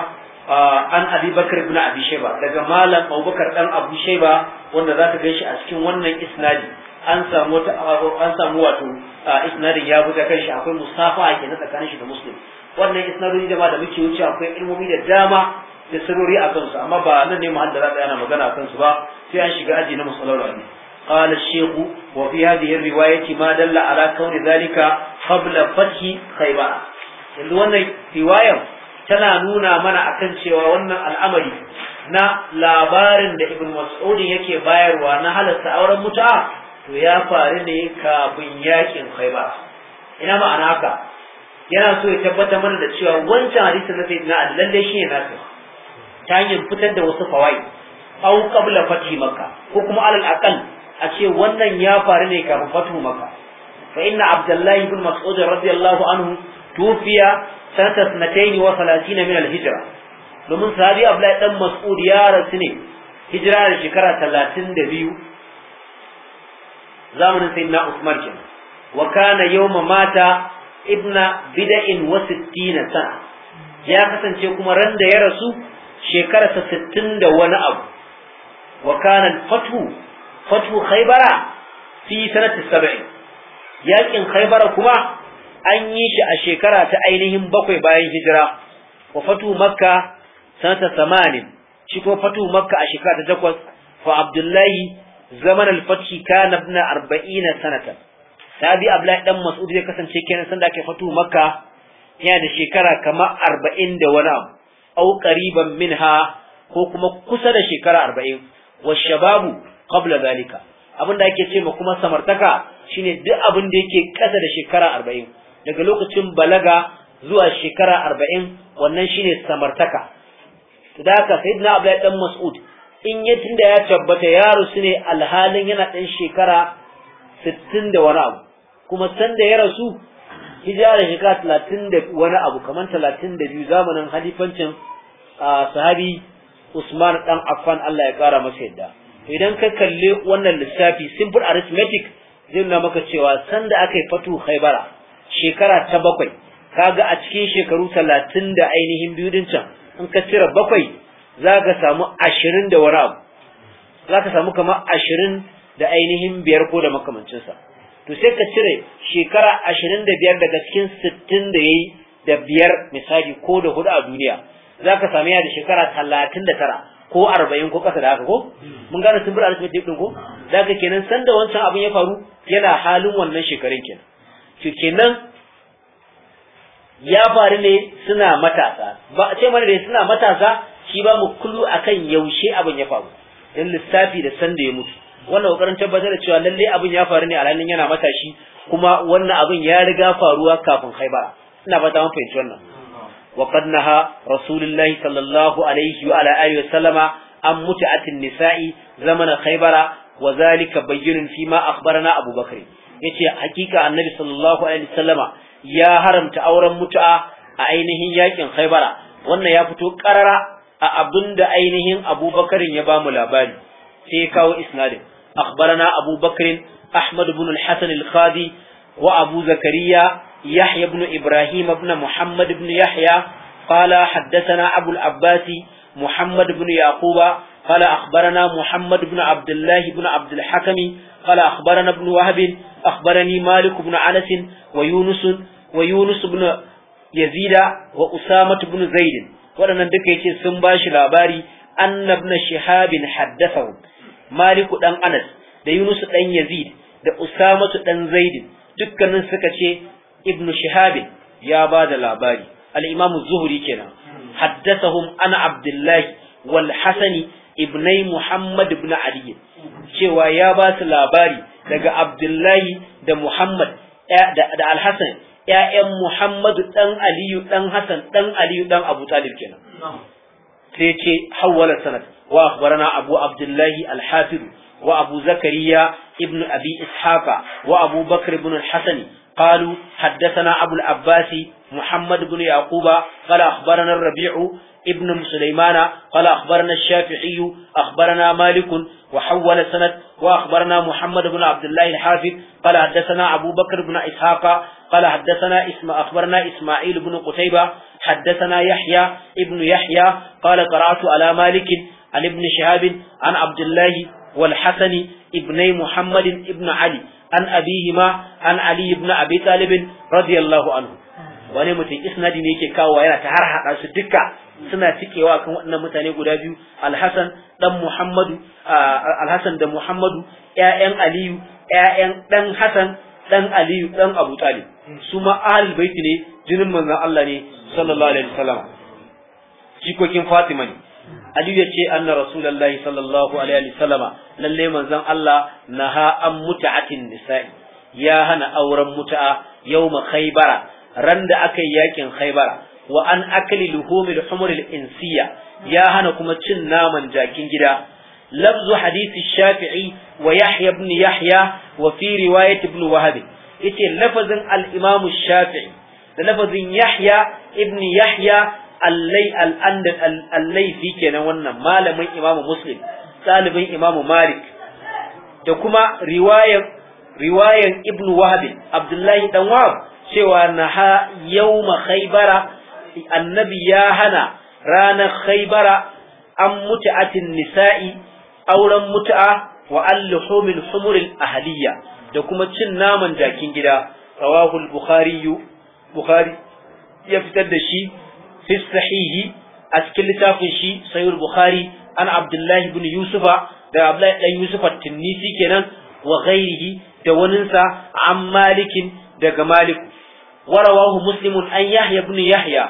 A: an abi bakar ibn abi daga malam abubakar dan abu sheba wanda za ka gan shi a cikin wannan isnadi an samu an samu wato isnadin ya buga shi akwai musafa a na tsakanin shi da muslim wannan isnadin da ba da muke wuce akwai ilmomi da dama da sarori a kansu amma ba nan ne muhaddara da ana magana a kansu ba sai an shiga aji na musallar ne قال الشيخ وفي هذه الرواية ma, دل على كون ذلك قبل فتح خيبر yanzu wannan riwayar tana nuna mana akan cewa wannan al'amari na labarin da ibn mas'udin yake bayarwa na halarta auren mutu'a to ya faru ne kafin yakin khaibar ina ma'ana haka yana so ya tabbata mana da cewa wancan hadisin na sayyidina Ali lalle shi ne ta hanyar fitar da wasu fawai au qabla fathi makka ko kuma alal aqal a ce wannan ya faru ne kafin fatu makka fa inna abdullahi ibn mas'ud radiyallahu anhu tufiya sanata 32 min al-hijra domin sahabi abdullahi dan mas'ud ya rasu ne hijira da shekara 32 zamanin sayyidina usman kenan wa kana yawma mata ibna bida'in wa 60 sana ya kasance kuma ran da ya rasu shekara ta sittin da wani abu wa kana fatu fatu khaybara fi sanati saba'in. yakin khaybara kuma an yi shi a shekara ta ainihin bakwai bayan hijira wa fatu makka sanata samanin shi kuma fatu makka a shekara ta takwas fa abdullahi zaman al-fathi kana ibn 40 sanatan sabi abdullahi dan mas'ud ya kasance kenan sanda ake fatu makka yana da shekara kamar arba'in da wani abu aw qariban minha ko kuma kusa da shekara arba'in wa shababu qabla zalika abin da ake ce ma kuma samartaka shine duk abin da yake kasa da shekara arba'in daga lokacin balaga zuwa shekara arba'in wannan shine samartaka da sai sayyidina abdullahi dan mas'ud in ya tunda ya tabbata yaro su ne alhalin yana dan shekara sittin da wani abu kuma sanda ya rasu hijira shekara talatin da wani abu kamar talatin da biyu zamanin halifancin sahabi Usman dan Affan Allah ya kara masa yadda idan ka kalli wannan lissafi simple arithmetic zai nuna maka cewa sanda aka yi fatu haibara shekara ta bakwai ka ga a cikin shekaru talatin da ainihin biyu din can in ka cire bakwai za ka samu ashirin da wani abu za ka samu kamar ashirin da ainihin biyar ko da makamancinsa to sai ka cire shekara ashirin da biyar daga cikin sittin da ya yi da biyar misali ko da hudu a duniya za ka sami yana da shekara talatin da tara ko arba'in ko ƙasa da haka ko mun gane sun bura arithmetic ɗin ko za ka kenan sanda wancan abin ya faru yana halin wannan shekarun kenan to kenan ya faru ne suna matasa ba a ce mana ne suna matasa shi ba mu kullu akan yaushe abin ya faru dan lissafi da sanda ya mutu wannan kokarin tabbatar da cewa lalle abin ya faru ne a ranar yana matashi kuma wannan abin ya riga faruwa kafin haibara ina fata mun fahimci wannan wa qad naha rasulullahi sallallahu alaihi wa ala alihi wa an muta'atin nisa'i zamana haibara wa zalika bayyinun fi ma akhbarana Abubakar? Ya yace hakika annabi sallallahu alaihi wa ya haramta auren mutu'a a ainihin yakin haibara wannan ya fito karara a abinda ainihin abubakarin ya bamu labari sai ya kawo isnadin akhbarana abu ahmad ibn al-hasan al-khadi wa abu zakariya yahya ibn ibrahim ibn muhammad ibn yahya Fala haddathana abu al muhammad ibn yaquba qala akhbarana muhammad ibn abdullah ibn abd al-hakim qala akhbarana ibn malik ibn anas wa yunus wa yazida wa Usamatu ibn zaid waɗannan duka yake sun ba shi labari Annabna ibn shihab haddathahu Maliku dan anas da yunus dan yazid da Usamatu dan Zaidin, dukkanin suka ce ibn shihab ya bada labari al-imam zuhri kenan haddathahum ana abdullah wal hasan ibnai muhammad ibn ali cewa ya ba su labari daga abdullahi da muhammad da al-hasan ƴaƴan muhammad dan aliyu dan hasan dan aliyu dan abu talib kenan sai ce hawwala sanad wa akhbarana abu abdullahi al-hafiz wa abu zakariya ibnu abi ishaqa wa abu bakr ibn al-hasan قالوا حدثنا أبو العباس محمد بن يعقوب قال أخبرنا الربيع ابن سليمان قال أخبرنا الشافعي أخبرنا مالك وحول سند وأخبرنا محمد بن عبد الله الحافظ قال حدثنا أبو بكر بن إسحاق قال حدثنا اسم أخبرنا إسماعيل بن قتيبة حدثنا يحيى ابن يحيى قال قرأت على مالك عن ابن شهاب عن عبد الله والحسن ابن محمد ابن علي عن أبيهما عن علي بن أبي طالب رضي الله عنه wani mutum isnadi ne yake kawo yana ta har su duka suna cikewa kan waɗannan mutane guda biyu alhassan dan muhammadu alhassan da muhammadu ƴaƴan aliyu ƴaƴan ɗan hassan ɗan aliyu ɗan abu talib su ma ahlul baiti ne jinin manzon Allah ne sallallahu alaihi wasallam jikokin Fatima ne Ali ya ce anna rasulullahi sallallahu alaihi wasallama lalle manzon Allah naha an muta'atin nisa'i ya hana auren muta'a yawma khaybara ran da aka yi yakin khaybara wa an akli luhumil humuril insiya ya hana kuma cin naman jakin gida لفظ حديث الشافعي ويحيى بن يحيى وفي رواية ابن وهب yace lafazin al-Imam Shafi'i da lafazin Yahya ibn Yahya allai kenan wannan malamin Imam Muslim ɗalibin Imam Malik da kuma riwayar riwayan Ibn Wahab Abdullahi dan Wahab cewa naha yawma Khaybara annabi ya hana ranar khaibara an mutu'atin nisa'i auren mutu'a wa alluhumil humuril ahaliya da kuma cin naman jakin gida rawahul bukhari ya fitar da shi fi sahihi a cikin littafin shi sayyid bukhari an abdullahi bin yusufa da abdullahi dan yusufa tinnisi kenan wa ghairihi da waninsa an malikin daga maliku wa rawahu muslimun an yahya bin yahya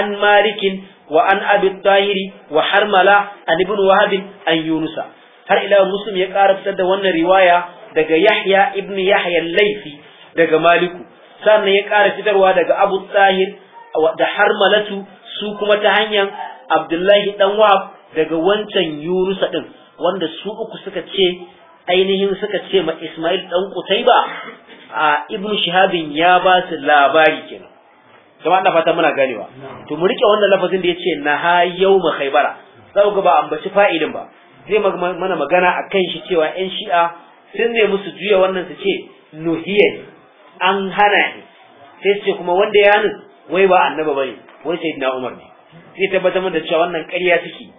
A: an malikin wa an abi tahiri wa harmala an ibn wahab an yunusa har ila muslim ya ƙara fitar da wannan riwaya daga Yahya ibn Yahya Laifi daga Maliku sannan ya ƙara fitarwa daga Abu Tsahir da Harmalatu su kuma ta hanyar Abdullahi dan Wahab daga wancan Yurusa din wanda su uku suka ce ainihin suka ce ma Ismail dan Qutayba a Ibn Shihabin ya ba su labari kenan kuma ina fata muna ganewa to mu rike wannan lafazin da yace naha yawma khaybara sau ga ba ambaci fa'ilin ba zai mana magana akan shi cewa 'yan shi'a sun nemi su juya wannan su ce nuhiya an hana ni sai su ce kuma wanda ya hana wai ba annaba bane wai sai na Umar ne sai tabbatar da cewa wannan ƙarya take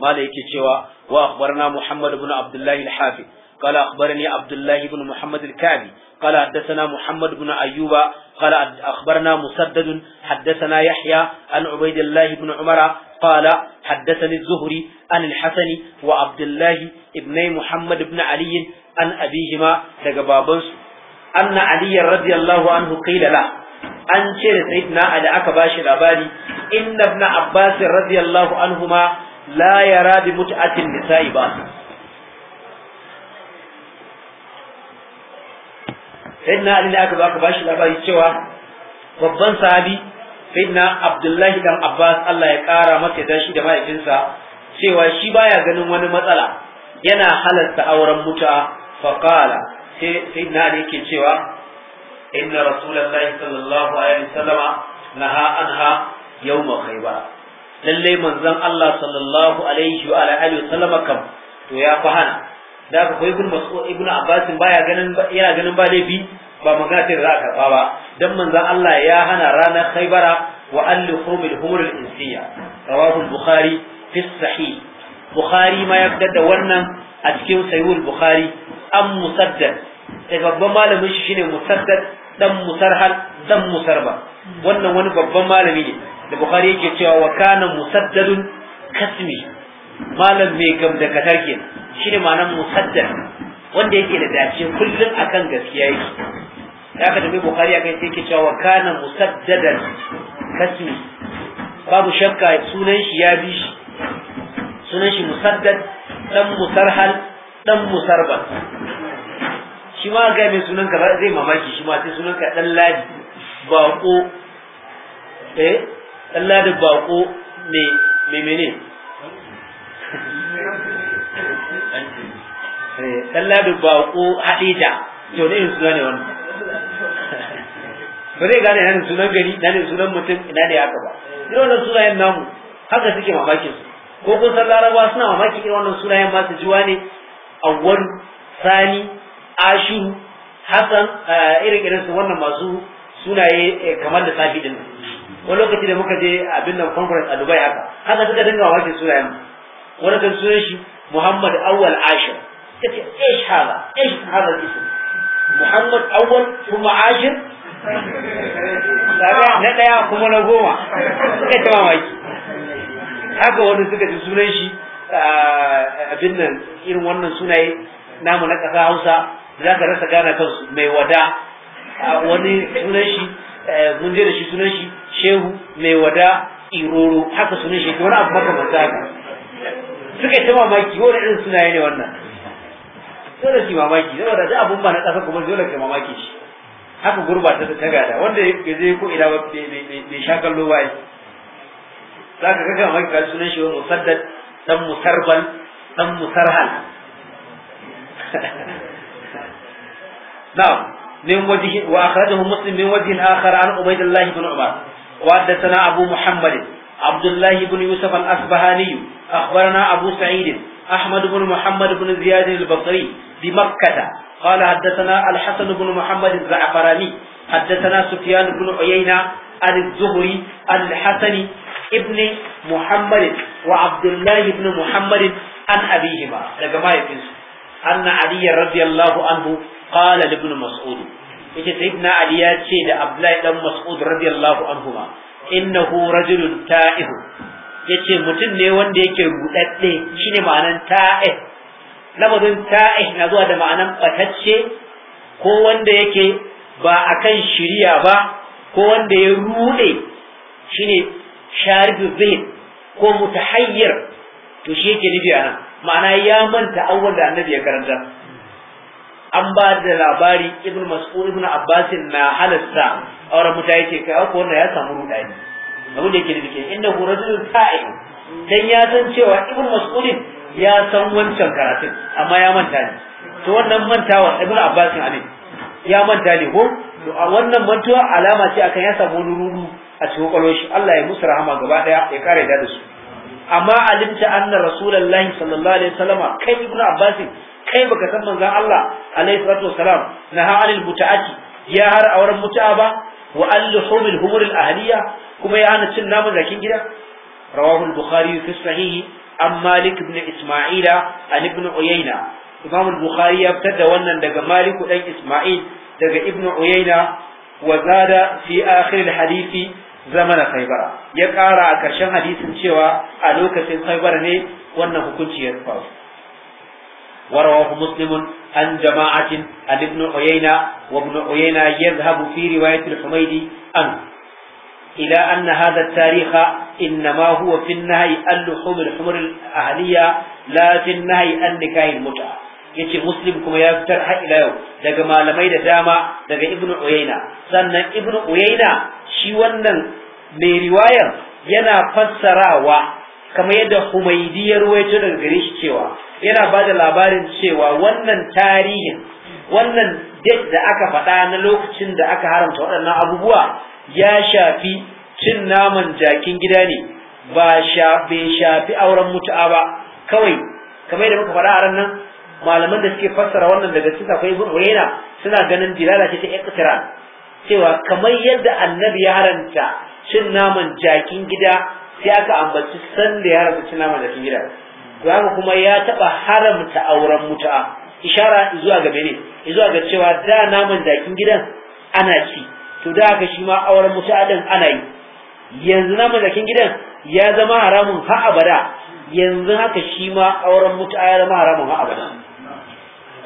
A: mala yake cewa wa akhbarna Muhammad ibn abdullahi al-Hafiz قال أخبرني عبد الله بن محمد الكعبي قال حدثنا محمد بن أيوب قال أخبرنا مسدد حدثنا يحيى عن عبيد الله بن عمر قال حدثني الزهري عن الحسن وعبد الله ابن محمد بن علي عن أبيهما لقبابنس أن علي رضي الله عنه قيل له an ce da sayyidina da aka bashi labari inna ibn abbas radiyallahu anhuma la yara bi mut'atin nisa'i ba sayyidina ali da aka zo aka bashi labari cewa babban sahabi sayyidina abdullahi dan abbas Allah ya ƙara masa da shi da mahaifinsa cewa shi baya ganin wani matsala yana halarta auren mutu'a faqala sai sayyidina ali yake cewa inna rasulullahi sallallahu alaihi wasallama naha anha yawma khaybar lallai manzon Allah sallallahu alaihi wa alihi kam to ya fahana da aka koyi ibn ibn abbas baya ganin yana ganin ba laifi ba magana ce da za a karba ba dan manzon Allah ya hana ranar khaybara wa al-khum al-humur al bukhari fi sahih bukhari ma ya da wannan a cikin sahih bukhari an musaddad sai eh, babban malamin shi shine musaddad dan musarhal dan musarba wannan wani babban malami ne da bukhari yake cewa wa kana musaddadun kasmi malam mai gam da katar ke ne ma'anar musaddar wanda yake da dace kullum a kan gaskiya yake ya ka tafi bukari akai sai ke cewa kana musaddadan kasmi babu shakka sunan shi ya bi shi sunan shi musaddad dan musarhal dan musarban shi ma ga mai sunan ka zai mamaki shi ma sai sunan ka dan ladi bako eh dan ladi bako mai mai menene Eh, dan ladu ko hadija to ne yin suna ne wannan
B: [LAUGHS]
A: ba zai gane nan sunan gari na ne sunan mutum ina ne haka ba irin wannan sunayen namu haka suke mamakin su ko kun san larabawa suna mamakin irin wannan sunayen masu jiwa ne awwal sani ashu hasan irin eh, irin su wannan masu sunaye eh, kamar da safi din wani lokaci da muka je abin nan conference a Dubai haka haka suka dinga mamakin sunayen wani kan sunan shi Muhammad Awal Ashir تتي ايش هذا ايش هذا الاسم محمد اول ثم عاشر na ɗaya kuma na goma ya ta mamaki haka wani suka ji sunan shi ah, abin nan irin wannan sunaye namu na ƙasa hausa za ka rasa gana kansu mai wada ah, wani sunan shi eh, mun je da shi sunan shi shehu mai wada iroro haka sunan shi wani abu maka masaka suka ta mamaki wani irin sunaye ne wannan dole shi mamaki saboda da abun ba na ƙasa kuma dole ka mamaki shi haka gurba ta gada wanda ya zai ko ina bai shakar kallo za ka kaga mamaki ka sunan shi musaddad dan musarban dan musarhal [LAUGHS] na'am wajhi wa واخرجه muslim min وجه akhar an ubaydullah ibn umar wa وحدثنا abu muhammad عبد الله بن يوسف الاصبهاني اخبرنا ابو سعيد احمد بن محمد بن زياد البصري بمكة قال حدثنا الحسن بن محمد الزعفراني حدثنا سفيان بن عيينة عن الزهري عن الحسن ابن محمد وعبد الله بن محمد عن أبيهما لما يفنس أن علي رضي الله عنه قال لابن مسعود yace sayyidina ali ya ce da abdullahi dan mas'ud radiyallahu anhu ma innahu rajulun ta'ihu yace mutum ne wanda yake rudadde shine ma'anan ta'ih Labarin ta'ih na zuwa da ma'anan batacce ko wanda yake ba a kan shirya ba ko wanda ya rude shine sharifu zai ko mutahayyar, to shi yake nufi anan ma'ana ya manta awwal da annabi ya karanta an ba da labari ibn mas'ud ibn Abbasin na halasta auren muta yake kai ko wanda ya samu rudani abin da yake nufi inda rajulun ta'ih dan ya san cewa ibn mas'udin ya san wancan karatun amma ya manta ne to wannan mantawa ibn abbas ne ya manta ne ko to a wannan mantuwa alama ce akan ya samu wani ruru a cikin kwalwar shi Allah ya musu rahama gaba daya ya kare da su amma alimta anna rasulullahi sallallahu alaihi wasallama kai ibn abbas kai baka san manzon Allah alaihi salatu wasalam ha alil mutaati ya har auren mutaa ba wa al-humul humur al-ahliya kuma ya hana cin naman zakin gida rawahu al-bukhari fi sahihi an malik ibn isma'ila an ibn uyayna imam bukhari ya fitar da wannan daga malik dan isma'il daga ibn uyayna wazada zada fi akhir al-hadisi zamana khaybara ya ƙara a ƙarshen hadisin cewa a lokacin khaybar ne wannan hukunci ya faru ورواه مسلم عن جماعة عن ابن عيينة وابن عيينة يذهب في رواية الحميدي أن إلى أن هذا التاريخ إنما هو في النهي عن لحوم الحمر الأهلية لا في النهي عن المتعة yace muslim kuma ya fitar har ila yau daga malamai da dama daga ibnu uyayna sannan ibnu uyayna shi wannan mai riwayar yana fassarawa kamar yadda humaidi ya ruwaito daga gare shi cewa yana bada labarin cewa wannan tarihin wannan date da aka faɗa na lokacin da aka haramta waɗannan abubuwa ya shafi cin naman jakin gida ne ba bai shafi auren mutu'a ba kawai kamar da muka faɗa a ran nan malaman da suke fassara wannan daga cikin akwai ibn suna ganin dilala ce ta iqtiran cewa kamar yadda annabi ya haramta cin naman jakin gida sai aka ambaci san da ya haramta cin naman jakin gida haka kuma ya taɓa haramta auren mutu'a ishara zuwa ga mene zuwa ga cewa da naman dakin gidan ana ci to da haka shi ma auren mutu'adin ana yi yanzu naman dakin gidan ya zama haramun ha abada yanzu haka shi ma auren mutu'a ya zama haramun ha abada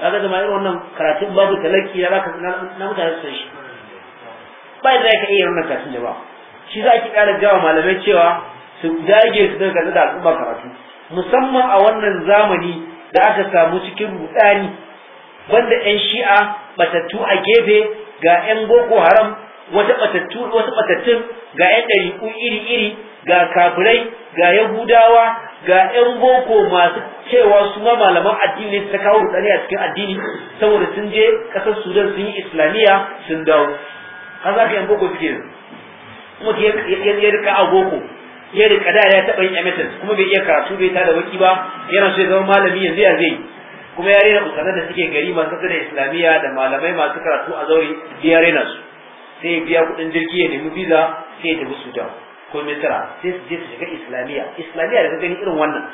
A: kaga zama irin wannan karatun babu talaki ya zaka na mutane su shi bai da yake iya wannan karatun da ba shi za ki ƙara jawa malamai cewa su dage su daga da al'umma karatu musamman a wannan zamani da aka samu cikin rudani Wanda yan shi'a batattu a gefe ga yan boko haram wata batattu wasu batattun ga yan ɗariƙu iri-iri ga kafirai ga yahudawa ga yan boko masu cewa su ma malaman addini ne ta kawo rudani a cikin addini saboda sun je ƙasar sudan sun yi islamiyya sun dawo ka yan boko suke yanzu ya rika a boko ya rika da ya taɓa yin emetis kuma bai iya karatu bai tada waki ba yana so ya zama malami yanzu ya zai kuma ya rena ustazan da suke gari masu da islamiyya da malamai masu karatu a zaure ya rena su sai ya biya kuɗin jirgi ya nemi visa sai ya tafi sudan ko misira sai su je su shiga islamiyya islamiyya da ka gani irin wannan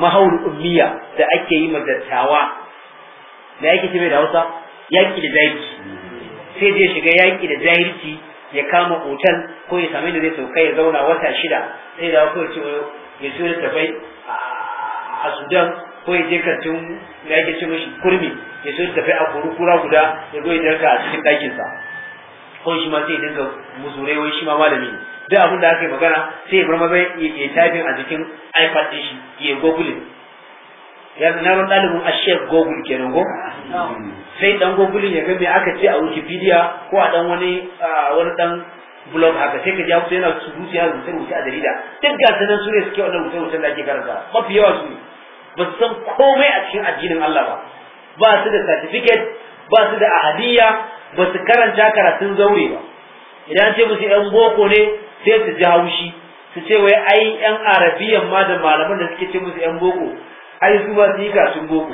A: mahaul ummiya da ake yi madattawa da yake ce mai da hausa yaƙi da zaki sai je shiga yaƙi da zahirci ya kama otal ko ya sami da zai sauka ya zauna wata shida sai da ko ce ya so ya tafai a Sudan ko ya je kantin ya yake ce mishi kurmi ya so ya tafai a kurukura guda ya zo ya darka a cikin ɗakinsa, sa ko shi ma sai ya dinga musurai wai shi ma malami duk abin da aka yi magana sai ya bar maza ya tafi a jikin iPad din shi ya google ya na ran ɗalibin a shek google kenan ko sai dan google ya ga me aka ce a wikipedia ko a dan wani wani dan blog haka sai ka ji hausa yana surutu ya zuce rubuce a jarida duk ga sanan su ne suke wannan rubuce rubuce da ake karanta mafi yawa su ba su san komai a cikin addinin Allah ba ba su da certificate ba su da ahadiyya ba su karanta karatun zaure ba idan ce musu yan boko ne sai su ji haushi su ce wai ai yan arabiyan ma da malaman da suke ce musu yan boko ai su ba su yi kasun boko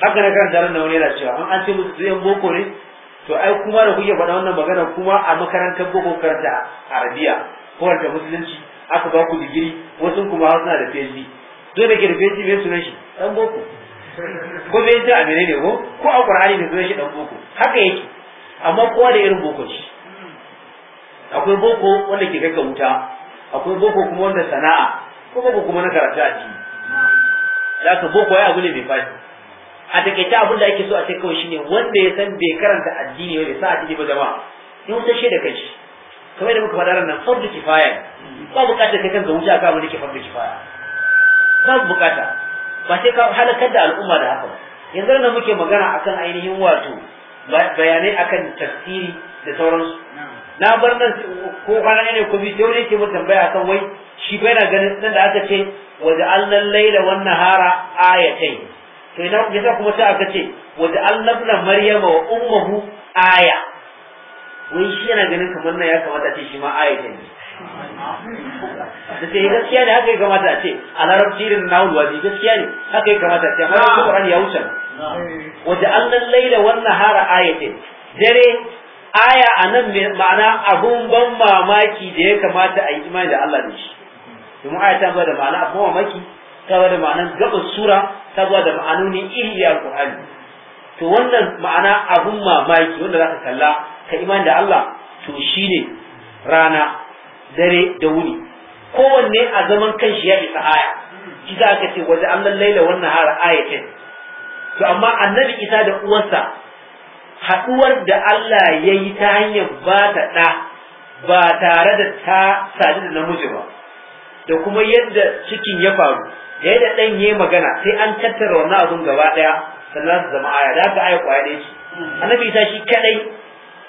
A: haka na kan daren wani yana cewa an ce musu su boko ne to ai kuma da kuke faɗa wannan magana kuma a makarantar boko karanta arabiya ko karanta musulunci aka ba ku digiri wasu kuma har suna da phd zo da ke da phd mai sunan shi
B: dan boko ko bai
A: ji a ne ko ko a qur'ani da sunan shi dan boko haka yake amma kowa da irin boko shi akwai boko wanda ke kai ka wuta akwai boko kuma wanda sana'a ko boko kuma na karatu a ciki za ka boko ya abu ne mai fashi a takaice abin da ake so a ce kawai shine wanda ya san bai karanta addini ba bai sa addini ba jama'a in wuta da kai shi kamar da muka faɗa ran nan fardu kifaya ba bukatar kai kanka wuce akan wani ke fardu kifaya ba bukata ba sai ka halakar da al'umma da haka ba yanzu nan muke magana akan ainihin wato bayanai akan tafsiri da sauransu na bar nan ko kwana ne ko biyu sai wani yake mu tambaya kan wai shi bai na ganin nan da aka ce waja'alna al-layla wan nahara ayatayn to ina yasa kuma sai aka ce waja'alna ibna maryama wa ummuhu aya wai shi yana ganin kamar nan ya kamata ce shi ma ayatayn da ce gaskiya ne haka ya kamata a ce a larabci irin nawul gaskiya ne haka ya kamata a ce amma yanzu Qur'ani ya wuce waje annan laila wan nahara ayatin dare aya anan ma'ana abun ban mamaki da ya kamata a yi imani da Allah da shi domin aya ta zuwa da ma'ana abu mamaki ta zuwa da ma'anan gabas sura ta zuwa da ma'anoni iri da alƙur'ani to wannan ma'ana abun mamaki wanda za ka kalla ka iman da Allah to shine rana dare da wuni kowanne a zaman shi ya isa aya shi za ka ce an Allah laila wannan har ce to amma annabi isa da uwarsa haɗuwar da Allah ya yi ta hanyar ba ta ɗa ba tare da ta sadu da namiji ba da kuma yadda cikin ya faru da yadda ɗan ya magana sai an tattara wannan abun gaba ɗaya sannan su zama aya da aka aya kwaya ɗaya ce annabi ita shi kaɗai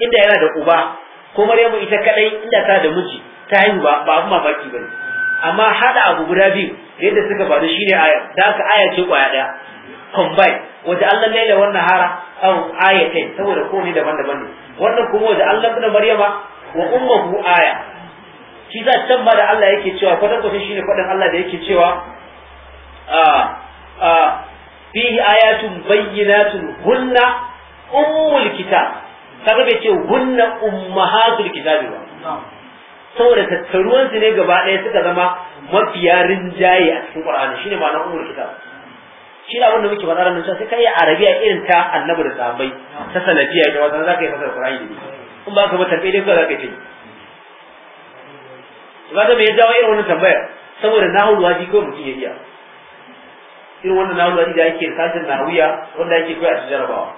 A: inda yana da uba ko maryamu ita kaɗai inda ta da miji ta yi ba ba abin mamaki ba ne amma haɗa abu guda biyu yadda suka faru shine aya da aka aya ce kwaya ɗaya combine wata Allah laila wannan hara an ayatai saboda komai daban-daban ne wannan kuma wata Allah kuna maryama wa ummuhu aya shi za can ma da Allah yake cewa kwatan shi shine faɗin Allah da yake cewa a a fihi ayatun bayyinatun hunna ummul kitab kaga bai ce hunna ummahatul kitab ba saboda tattaruwan su ne gaba ɗaya suka zama mafiya rinjaye a cikin Qur'ani shine ma'anar ummul kitab shi da wanda muke fadar nan sai kai arabiya irin ta annabi da sahabbai ta salafiya ita wata za ka yi fasar Qur'ani da in ba ka ba tarbe dai ka za yi kaga me mai jawo irin wannan tambaya saboda nahul waji ko mutum ya iya irin wannan nahul waji da ake na nahuya wanda ake koya a jarabawa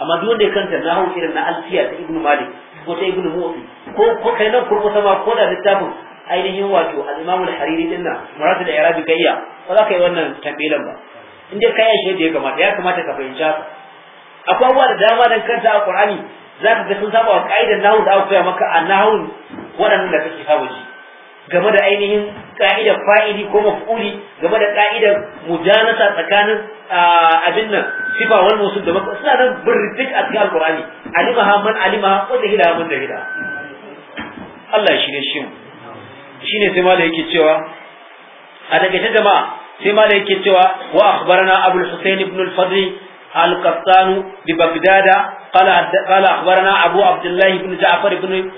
A: amma duk wanda ya kanta nahul irin na alfiya ta ibnu malik ko ta ibnu mu'ti ko ko kai nan kurkusa ma ko da littafin ainihin wato al-imamu al-hariri din nan murad da irabi gayya ba za ka yi wannan tambayan ba in dai kai shi da ya kamata ya kamata ka fahimci haka akwai abubuwa da dama da kanta a qur'ani za ka ga sun saba wa ka'idar nahu da aka koya maka a nahu waɗannan da kake saba shi game da ainihin ka'idar fa'ili ko maf'uli game da ka'idar mujanasa tsakanin abin nan sifa wal musul da maka suna nan birtik a cikin alqur'ani ha man alimaha wa zahida man zahida Allah shi ne shi ne sai ma da yake cewa a daga jama'a sai ma da yake cewa wa akhbarana abul husayn ibn al-fadl القطان ببغداد قال قال اخبرنا ابو عبد الله بن جعفر بن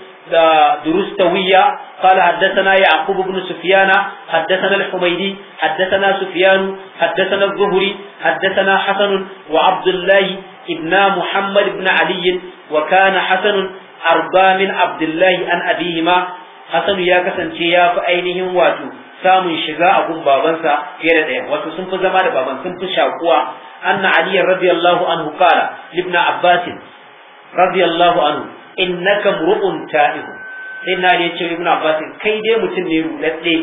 A: درستوية قال حدثنا يعقوب بن سفيان حدثنا الحميدي حدثنا سفيان حدثنا الزهري حدثنا حسن وعبد الله ابن محمد بن علي وكان حسن أربا من عبد الله أن أبيهما حسن يا كسن يا فأينهم واتو samun shiga a gun babansa fiye da ɗaya wato sun fi zama da baban sun fi shakuwa anna ali radiyallahu anhu qala ibn abbas radiyallahu anhu innaka mur'un ta'ib sai na ne ce ibn Abbasin kai dai mutum ne rudadde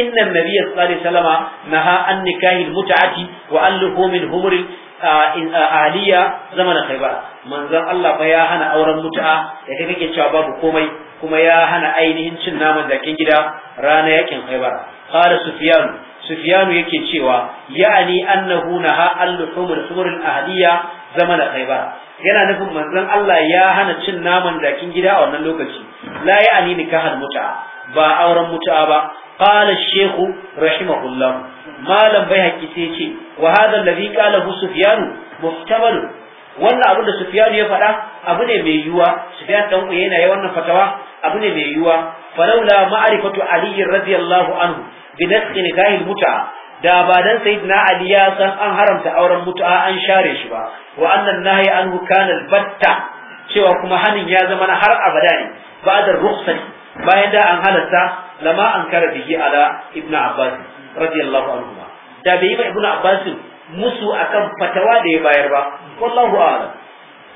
A: inna nabiyyi sallallahu alaihi wasallama naha an nikahil mut'ati wa an luhumil humri aliya zamanin khaybar manzon Allah fa ya hana auren mutu'a da kake cewa babu komai kuma ya hana ainihin cin naman zakin gida rana yakin khaibara قال سفيان سفيان yake cewa ya'ani annahu naha اللحوم الحمر الأهلية زمن al yana nufin manzon Allah ya hana cin naman dakin gida a wannan lokaci la ya'ani nikahal mut'a ba auren mutu'a ba qala shehu rahimahullah malam bai haƙi sai ce wa hadha alladhi qala hu sufyan muhtamal wannan abin da sufyan ya faɗa abu ne mai yuwa sufyan dan uye yana yi wannan fatawa abu ne mai yuwa falaula ma'arifatu ali radiyallahu anhu bi nasxi nikahil da ba dan sayyidina ali ya san an haramta auren mutu'a an share shi ba wa annan nahi an kana batta cewa kuma hanin ya zama na har abada ne ba'da rukhsat bayan da an halatta lama an kara bihi ala ibnu abbas radiyallahu anhu da bai yi ba ibnu abbas musu akan fatawa da ya bayar ba wallahu a'lam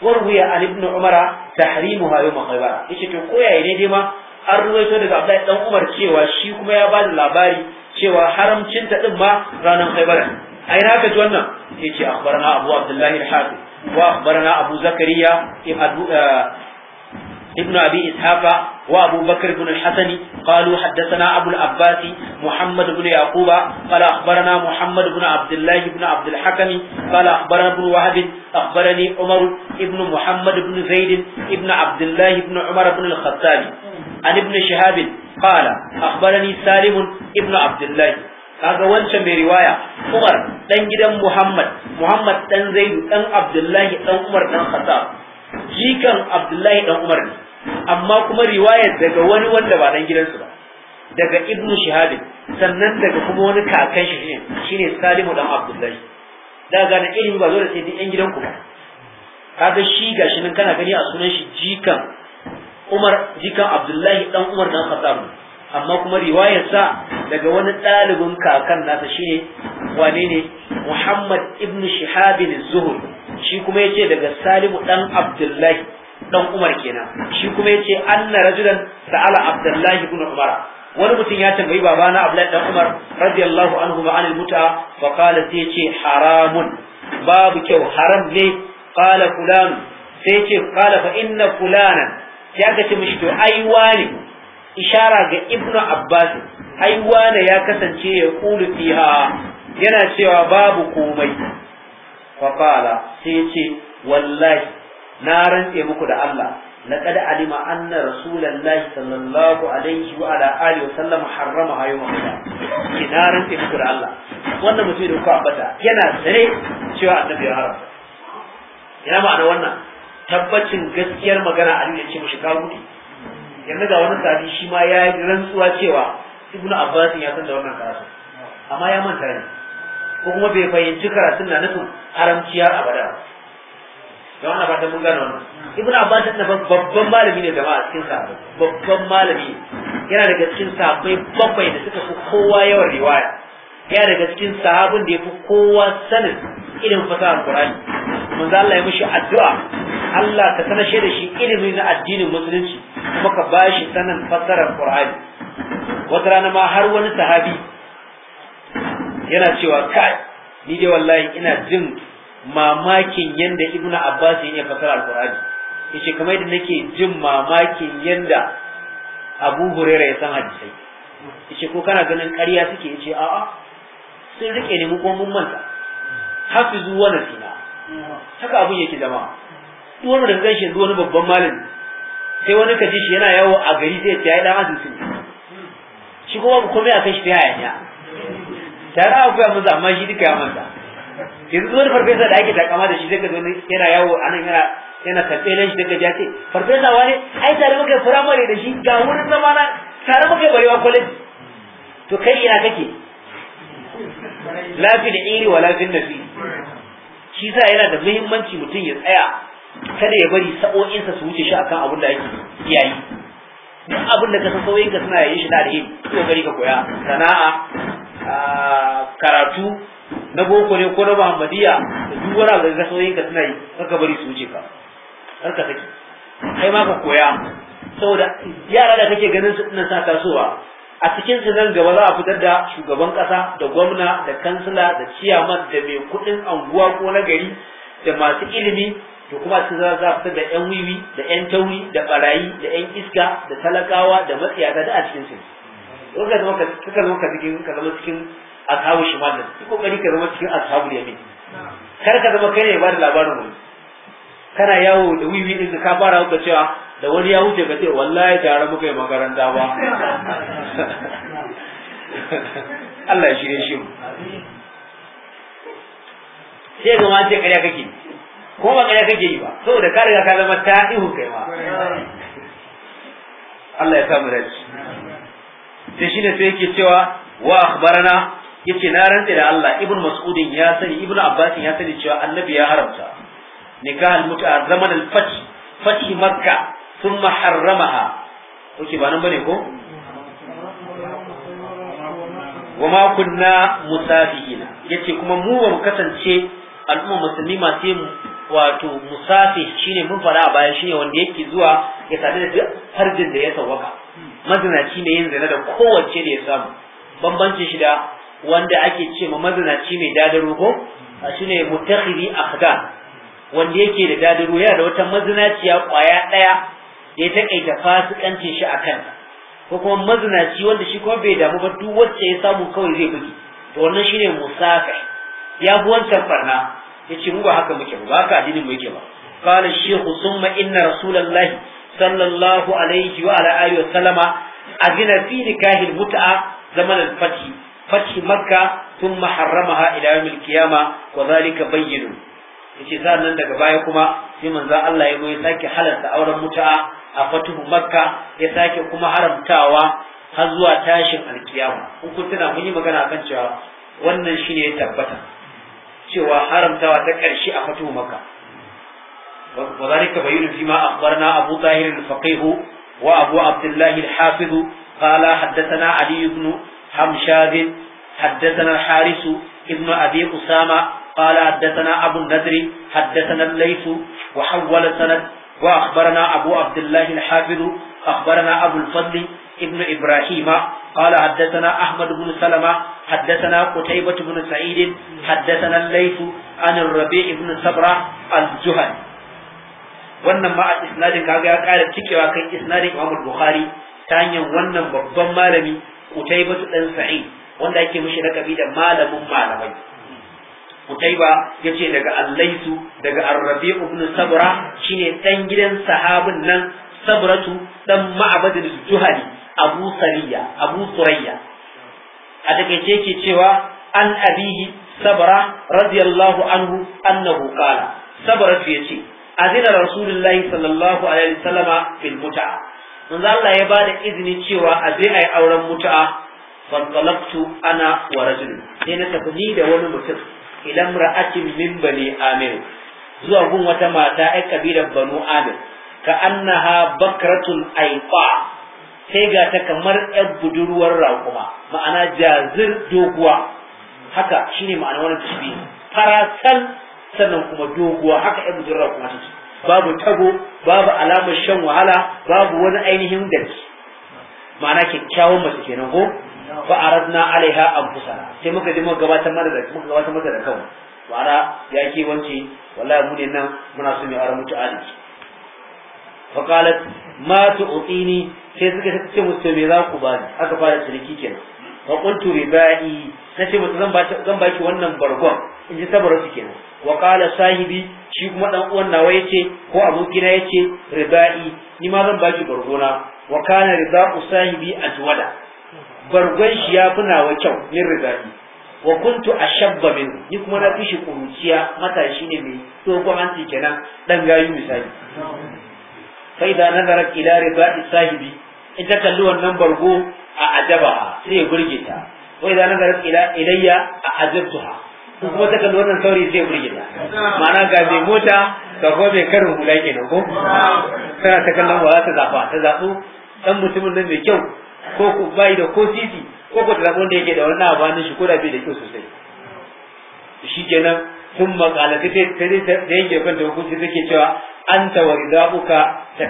A: warwiya an ibnu umara tahrimuha yawm khaybar yace to koyaye ne dai ma an ruwaito daga Abdullahi dan Umar cewa shi kuma ya ba da labari cewa haramcin ta din ma ranar Khaibar ai na ka wannan yace akhbarana Abu Abdullahi al-Hafiz wa akhbarana Abu Zakariya ابن أبي إسحاق وأبو بكر بن الحسن قالوا حدثنا أبو العباس محمد بن يعقوب قال أخبرنا محمد بن عبد الله بن عبد الحكم قال أخبرنا ابن وهب أخبرني عمر بن محمد بن زيد بن عبد الله بن عمر بن الخطاب عن ابن شهاب قال أخبرني سالم ابن عبد الله kaga wancan mai riwaya Umar dan gidan Muhammad Muhammad dan Zaidu dan Abdullahi dan Umar dan Khattab jikan Abdullahi dan Umar ne amma kuma riwaya daga wani wanda ba dan gidansu ba daga Ibn Shihab sannan daga kuma wani kakan shi ne Salimu dan Abdullahi da gane ilimi ba zo da sai yan gidan ku ba kaga shi gashi nan kana gani a sunan shi jikan Umar jikan Abdullahi dan Umar dan Khattab amma kuma riwayar sa daga wani ɗalibin kakan nasa shine wane ne Muhammad ibn Shihab az zuhur shi kuma yace daga Salimu dan Abdullahi dan Umar kenan shi kuma yace anna rajulan sa'ala Abdullahi ibn Umar wani mutum ya tambayi babana Abdullahi dan Umar radiyallahu anhu ma anil muta fa qala sai yace haramun babu kyau haram ne qala fulan sai yace qala fa inna fulanan ya ga ce mishi to ai wane ishara ga ibnu abbas ai wane ya kasance ya kulu fiha yana cewa babu komai fa qala sai ya ce wallahi na rantse muku da Allah laqad alima anna rasulullahi sallallahu alaihi wa ala alihi wa sallam harrama hayu mahda na rantse muku da Allah wannan mutum da ku abata yana sare cewa annabi ya haram ina ma'ana wannan tabbacin gaskiyar magana Ali ya ce mashi ka ne. yanzu ga wani sabi shi ma ya yi rantsuwa cewa Ibn Abbas ya san da wannan karatu amma ya manta ne ko kuma bai fahimci karatun na nufin haramciya abada don ana fatan mun gano wannan Ibn Abbas na babban malami ne jama'a cikin sa babban malami yana daga cikin sa bakwai da suka fi kowa yawan riwaya ya daga cikin sahabin da ya fi kowa sanin ilimin fasahar Qur'ani manzo Allah ya mishi addu'a Allah ka sanar da shi ilimin na addinin musulunci kuma ka bashi sanin fasarar Qur'ani wata rana ma har wani sahabi yana cewa kai ni dai wallahi ina jin mamakin yanda Ibn Abbas ya fasara al yace kamar yadda nake jin mamakin yanda Abu Hurairah ya san hadisi yace ko kana ganin ƙarya suke yace a'a sun rike ne mu ko mun manta hafizu wa haka abun yake zama. duk wani da ganshi yanzu wani babban malami sai wani ka ji shi yana yawo a gari sai ya yi dan sun shi kuma ba komai a kai shi ta ya tare a koya musu amma shi duka ya manta yanzu wani farfesa da ake takama da shi sai ka zo yana yawo nan yana yana karɓe shi daga jace farfesa wani ai tare muka yi firamare da shi ga wurin zama na tare muka yi barewa kwaleji to kai ina kake la da iri wala da nafi shi sa yana da muhimmanci mutum ya tsaya kada ya bari sa'o'insa su wuce shi akan abin da yake yayi duk abin da ka san sauyin ka suna yayin shi da yin ko gari ka koya sana'a karatu na boko ne ko na muhammadiya da duk wani abu da ka sauyin ka suna yi ka bari su wuce ka har ka saki kai ma ka koya saboda yara da kake ganin su ina sa tasowa a cikin su nan gaba za a fitar da shugaban kasa da gwamna da kansila da ciyaman da mai kudin anguwa ko na gari da masu ilimi da kuma cikin za a fitar da yan wiwi da yan tauri da barayi da yan iska da talakawa da matsiyata da a cikin su ka zama zama cikin ashabu shimal da su kokari ka zama cikin ashabu yamin kar ka zama kai ne ba da labarin wani kana yawo da wiwi din ka fara ka cewa da wani ya wuce ka ce wallahi tare muka yi makaranta ba Allah ya ne shi sai ga ma sai ƙarya kake ko ba ƙarya kake yi ba saboda ka riga ka zama ta ihu kai ma Allah ya sa mu dace shi ne sai yake cewa wa akhbarana yace na rantsa da Allah ibnu mas'udin ya sani ibnu abbasin ya sani cewa annabi ya haramta nikah al-mut'a zaman al-fath fath Makkah ثم حرمها اوكي ba nan bane ko
B: wama kunna
A: musafihina yace kuma mu ba kasance al'umma musulmi masu yin wato musafi shine mun fara a baya shine wanda yake zuwa ya sadu da duk da ya sawaka mazinaci ne yin zina da kowace da ya samu bambancin shi da wanda ake ce ma mazinaci mai dadaro ko shine mutakhiri akhdan wanda yake da dadaro yana da wata mazinaciya kwaya daya ta ya taƙaita fasikancin shi a kansa ko kuma mazinaci wanda shi kuma bai damu ba duk wacce ya samu kawai zai bugi to wannan shine musafi ya bi wancan barna ce mu ba haka muke ba haka addinin mu yake ba qala shaykhu summa inna rasulullahi sallallahu alaihi wa ala alihi wa sallama azina fi nikahi almut'a zaman al-fath makka thumma harramaha ila yawm al-qiyamah wa dhalika bayyin yace daga baya kuma sai manzo Allah ya zo ya sake halarta auren mut'a a fatuhu makka ya sake kuma haramtawa har zuwa tashin alkiyama uku tana mun yi magana kan cewa wannan shine ya tabbata cewa haramtawa ta karshe a fatuhu makka wa zalika bayyana fi ma akhbarna abu tahir al-faqih wa abu abdullah al-hafiz qala haddathana ali ibn hamshad haddathana al-haris ibn abi usama قال حدثنا أبو النذر حدثنا الليث وحول سند وأخبرنا أبو عبد الله الحافظ أخبرنا أبو الفضل ابن إبراهيم قال حدثنا أحمد بن سلمة حدثنا قتيبة بن سعيد حدثنا الليث عن الربيع بن صبرة الجهل wannan ma a isnadin kaga ya ƙara cikewa kan isnadin Imam Bukhari ta hanyar wannan babban malami kutaibatu dan Sa'id wanda ake mishi lakabi da malamin malamai Kutaiba ya ce daga Allaisu, daga Arrabi ibn Sabra shine ɗan gidan sahabin nan Sabratu ɗan ma'abadin Juhali Abu Sariya Abu Surayya. A takaice ke cewa an abihi Sabra radiyallahu anhu annahu qala Sabratu yace azina Rasulullahi sallallahu alaihi wasallama fil mut'a. Manzo Allah ya bada izini cewa a je ayi auren muta'a fantalaktu ana wa rajul sai na tafi da wani mutum ila imra'atin min bani amir zuwa gun wata mata ai kabilar banu amir ka annaha bakratun aifa sai ga ta kamar yar budurwar raƙuma ma'ana jazir doguwa haka shine ma'ana wannan tasbih farasal sannan kuma doguwa haka yar budurwar raƙuma take babu tago babu alamar shan wahala babu wani ainihin datti ma'ana kyakkyawan mace kenan ko fa aradna alaiha anfusana sai muka je muka gabatar mana da muka gabatar mata da kanmu ma'ana ya ke wanci wallahi mu ne nan muna so ne a mutu aliki fa qalat ma tu'tini sai suka ce musu me za ku bani aka fara ciniki kenan fa qultu ribai ce mu zan ba zan baki wannan bargon in ji sabar su kenan wa qala sahibi shi kuma dan uwan nawa yace ko abokina yace ribai ni ma zan baki bargona wa kana riba'u sahibi atwada bargon shi ya fi nawa kyau min rigaɗi wa kuntu ashabba min ni kuma na fi shi kuruciya matashi ne mai tsohon hanci kenan dan gayu misali fa idza nazara ila riba'i sahibi in ta kalli wannan bargo a ajaba sai ya burge ta wa idza nazara ila ilayya a ajabtuha kuma ta kalli wannan sauri sai ya burge ta ma'ana ga mai mota ga kuma mai karin hula kenan ko tana ta kallon wa ta zafa ta zafu dan mutumin nan mai kyau ko ku bai da ko titi ko ku tarabo da yake da wani abu hannun shi ko da bai da kyau sosai shi kenan sun makala ta da yake kwanta hukunci take cewa an ta wa ni. ta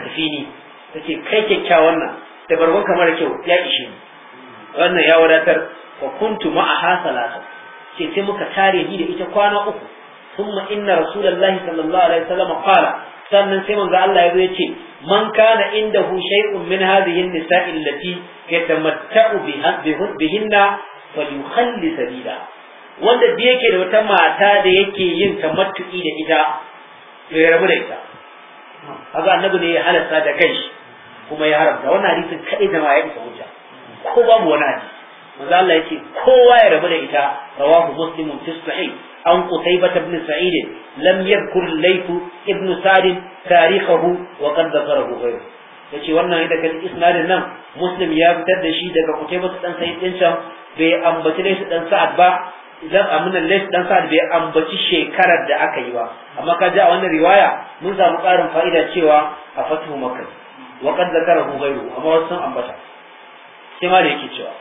A: ce kai kyakkyawan nan da barban kamar kyau ya ishe ni wannan ya wadatar wa kuntu ma'aha salasa ce sai muka tare ni da ita kwana uku ثم inna رسول الله صلى الله عليه وسلم قال sannan sai manzo Allah ya zo ya ce man kana hu shay'un min hadhihi an-nisa'i allati yatamatta'u bihinna falyukhalli sabila wanda bi yake da wata mata da yake yin tamattu'i da ita to ya rabu da ita kaga annabi ne ya halasta da kai kuma ya haramta wannan hadisin kai da ma ya isa hujja ko babu wani hadisi manzo Allah yace kowa ya rabu da ita rawahu muslim fi sahih an qutayba ibn sa'id lam yadhkur layth ibn sa'd tarikhahu wa qad dhakarahu ghayr yace wannan ita kan isnadin nan muslim ya fitar da shi daga qutayba dan sa'id din can bai ambaci layth dan sa'ad ba idan amina layth dan sa'ad bai ambaci shekarar da aka yi ba amma ka ji a wannan riwaya mun samu karin fa'ida cewa a fatu makkah wa qad dhakarahu ghayru amma wasu sun ambata sai ma da yake cewa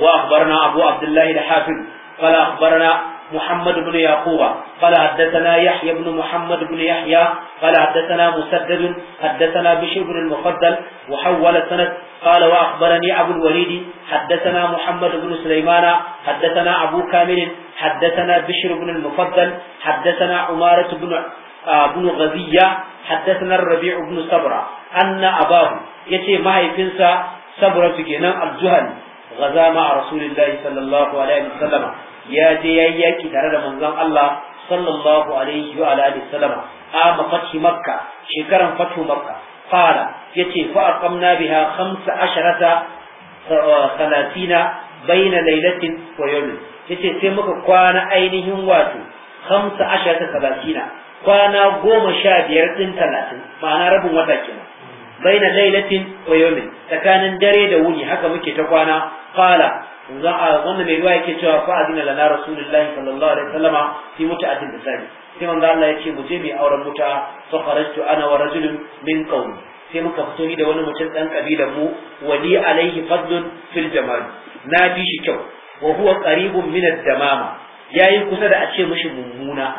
A: وأخبرنا أبو عبد الله الحافظ قال أخبرنا محمد بن يعقوب قال حدثنا يحيى بن محمد بن يحيى قال حدثنا مسدد حدثنا بشير بن المفضل وحول السند قال واخبرني ابو الوليد حدثنا محمد بن سليمان حدثنا ابو كامل حدثنا بشر بن المفضل حدثنا عمارة بن بن غزية حدثنا الربيع بن صبرة أن أباه يتي ما هي فنسا صبرة كنا الجهل gaza ma rasulillahi sallallahu alaihi ya je yayi yaki tare da manzon Allah sallallahu alaihi wa alihi wasallama a mafati makka shekaran fatu makka fara yace fa aqamna biha 15 salatina baina lailatin wa yawmin yace sai muka kwana ainihin wato 15 salatina kwana goma sha biyar din talatin ma'ana rabin wata kenan baina lailatin wa yawmin tsakanin dare da wuni haka muke ta kwana fala wannan mai ruwa yake cewa fa adina lana rasulullahi sallallahu alaihi wasallama fi muta'atin bisani sai manzo Allah ya ce mu je mu auren muta fa kharajtu ana wa rajulun min sai muka fito ni da wani mutum dan kabilar mu wali alaihi fadlun fil jamal na bi shi kyau wa huwa qaribun min ad-damama yayi kusa da a ce mishi mummuna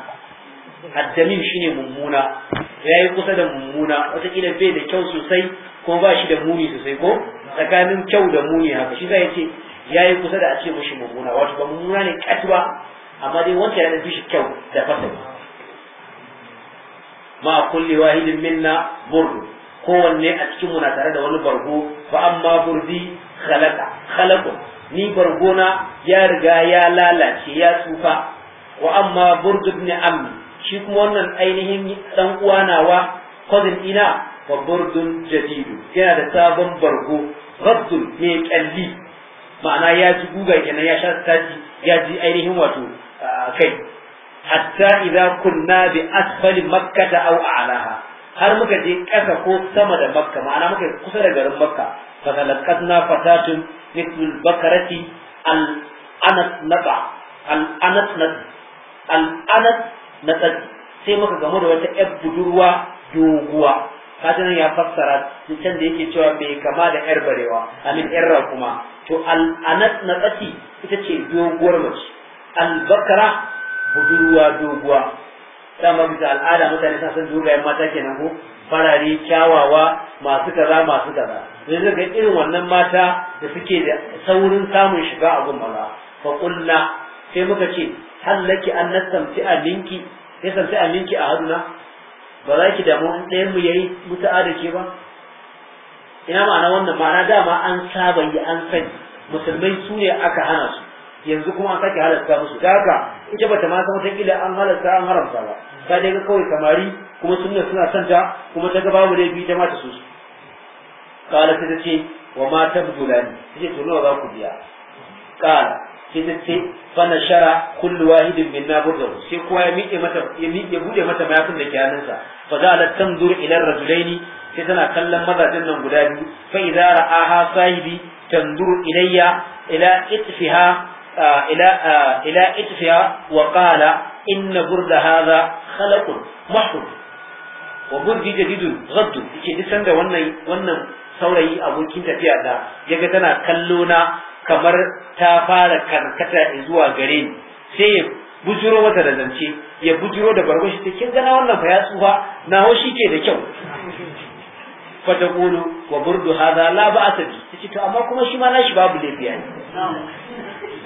A: addamim shine mummuna ya yi kusa da mummuna watakila bai da kyau sosai ko ba shi da muni sosai ko tsakanin kyau da muni haka shi zai ce ya yi kusa da a ce mushi mummuna wato ba mummuna ne kat ba amma dai wancan yana fi shi kyau da ba. ma kulli wahidin minna burdu kowanne a cikin mu na tare da wani bargo fa amma burdi khalaqa khalaqu ni bargona ya riga ya lalace ya tsufa wa amma burdu ibn ammi shi kuma wannan ainihin dan uwa nawa cousin ina wa burdun jadidu yana da sabon bargo raddun ne kalli ma'ana ya ji guga kenan ya sha sati ya ji ainihin wato kai hatta idza kunna bi asfali makkata aw a'laha har muka je ƙasa ko sama da makka ma'ana muka kusa da garin makka fa talaqatna fatatun mithlul bakarati al anat naba al anat al anat na tsaki sai muka gamu da wata yar budurwa doguwa nan ya fassara can da yake cewa bai kama da yar barewa amin yar kuma to al'anat na tsaki ita ce doguwar mace albakara budurwa doguwa dama bisa al'ada mutane sa san dogayen mata kenan ko farare kyawawa masu kaza masu kaza sai ga irin wannan mata da suke da saurin samun shiga a gun maza fa sai muka ce hallaki an nasamti a minki ya samti a minki a haduna ba za ki damu in ɗayan mu yayi mutu'a da ke ba ina ma'ana wannan ma'ana dama an saba yi an sani musulmai su ne aka hana su yanzu kuma an sake halasta musu ta haka ita bata ma san wataƙila an halarta an haramta ba ta dai kawai samari kuma suna suna santa kuma ta ga babu laifi ta mata su kala ta ce wa ma tabdulani ta ce to nawa za ku biya kala sai ta ce fana shara kullu wahidin min sai kowa ya miƙe mata ya miƙe mata mayafin da ke hannunsa fa za la tanzur ila rajulaini sai tana kallon mazajen nan guda biyu fa idza ra'aha sahibi tanzur ilayya ila itfiha ila ila itfiha wa qala inna burda hadha khalaqun mahud wa burdi jadidun ghaddu yake duk sanda wannan wannan saurayi abokin tafiya da yaga tana kallo na kamar ta fara karkata zuwa gare ni sai ya bujuro mata da zance ya bujuro da bargon shi kin gana wannan fa ya tsufa na ho shi ke da kyau fa ta kulu wa burdu hadha la ba'sa bi to amma kuma shi ma nashi babu lafiya ne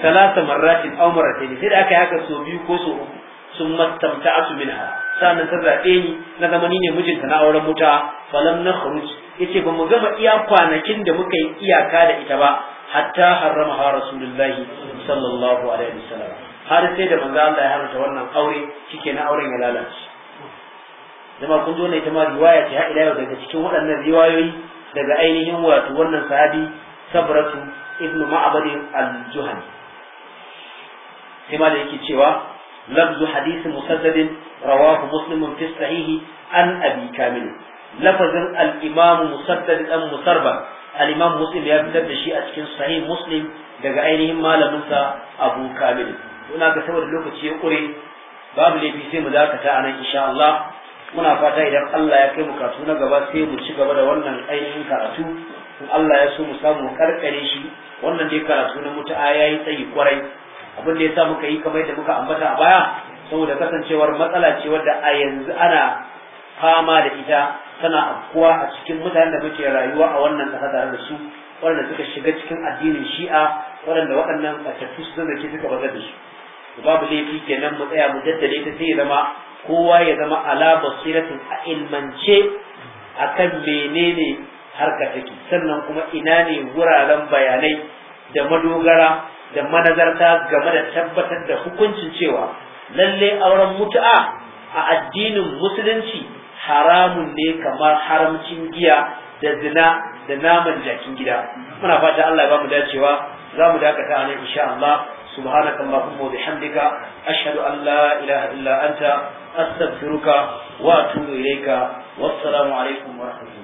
A: salasa marratin aw marratayn sai da aka yi haka so biyu ko so uku sun mattamta asu minha sannan ta zaɓe ni na zama ni ne mijinta na auren wuta falam na khuruj yace ba mu gama iya kwanakin da muka yi iyaka da ita ba hatta harramaha rasulullahi sallallahu alaihi wasallam har sai da manzo Allah ya haramta wannan aure cike na auren ya lalace zama kun zo ne ita ma riwaya ce har yau daga cikin waɗannan riwayoyi daga ainihin wato wannan sahabi sabratu ibnu ma'bad al-juhani sai ma da yake cewa لفظ حديث مسدد رواه مسلم في الصحيح عن ابي كامل لفظ الامام مسدد ام مسربا al-imam muslim ya fitar da shi a cikin sahih muslim daga ainihin malaminsa abu kamil na ga saboda lokaci ya kure babu laifi sai mu zakata anan nan insha Allah muna fata idan Allah ya kai mu karatu na gaba sai mu ci gaba da wannan ainihin karatu in Allah ya so mu samu karkare shi wannan dai karatu na mutu'a yayi tsayi kwarai abin da ya sa muka yi kamar da muka ambata a baya saboda kasancewar matsala ce wadda a yanzu ana fama da ita tana afkuwa a cikin mutanen da muke rayuwa a wannan ƙasa tare da su waɗanda suka shiga cikin addinin shi'a waɗanda waɗannan fatattu su zama suka bazar da su babu laifi kenan mu tsaya mu daddale ta sai ya zama kowa ya zama ala basiratin a ilmance akan menene harka take sannan kuma ina ne wuraren bayanai da madogara da manazarta game da tabbatar da hukuncin cewa lalle auren mutu'a a addinin musulunci haramun ne kamar haramcin giya da zina da naman jakin gida muna fata Allah ya bamu dacewa za mu dakata a nan insha Allah subhanaka allahumma wa bihamdika ashhadu an la ilaha illa anta astaghfiruka wa atubu ilayka wassalamu alaikum wa rahmatullahi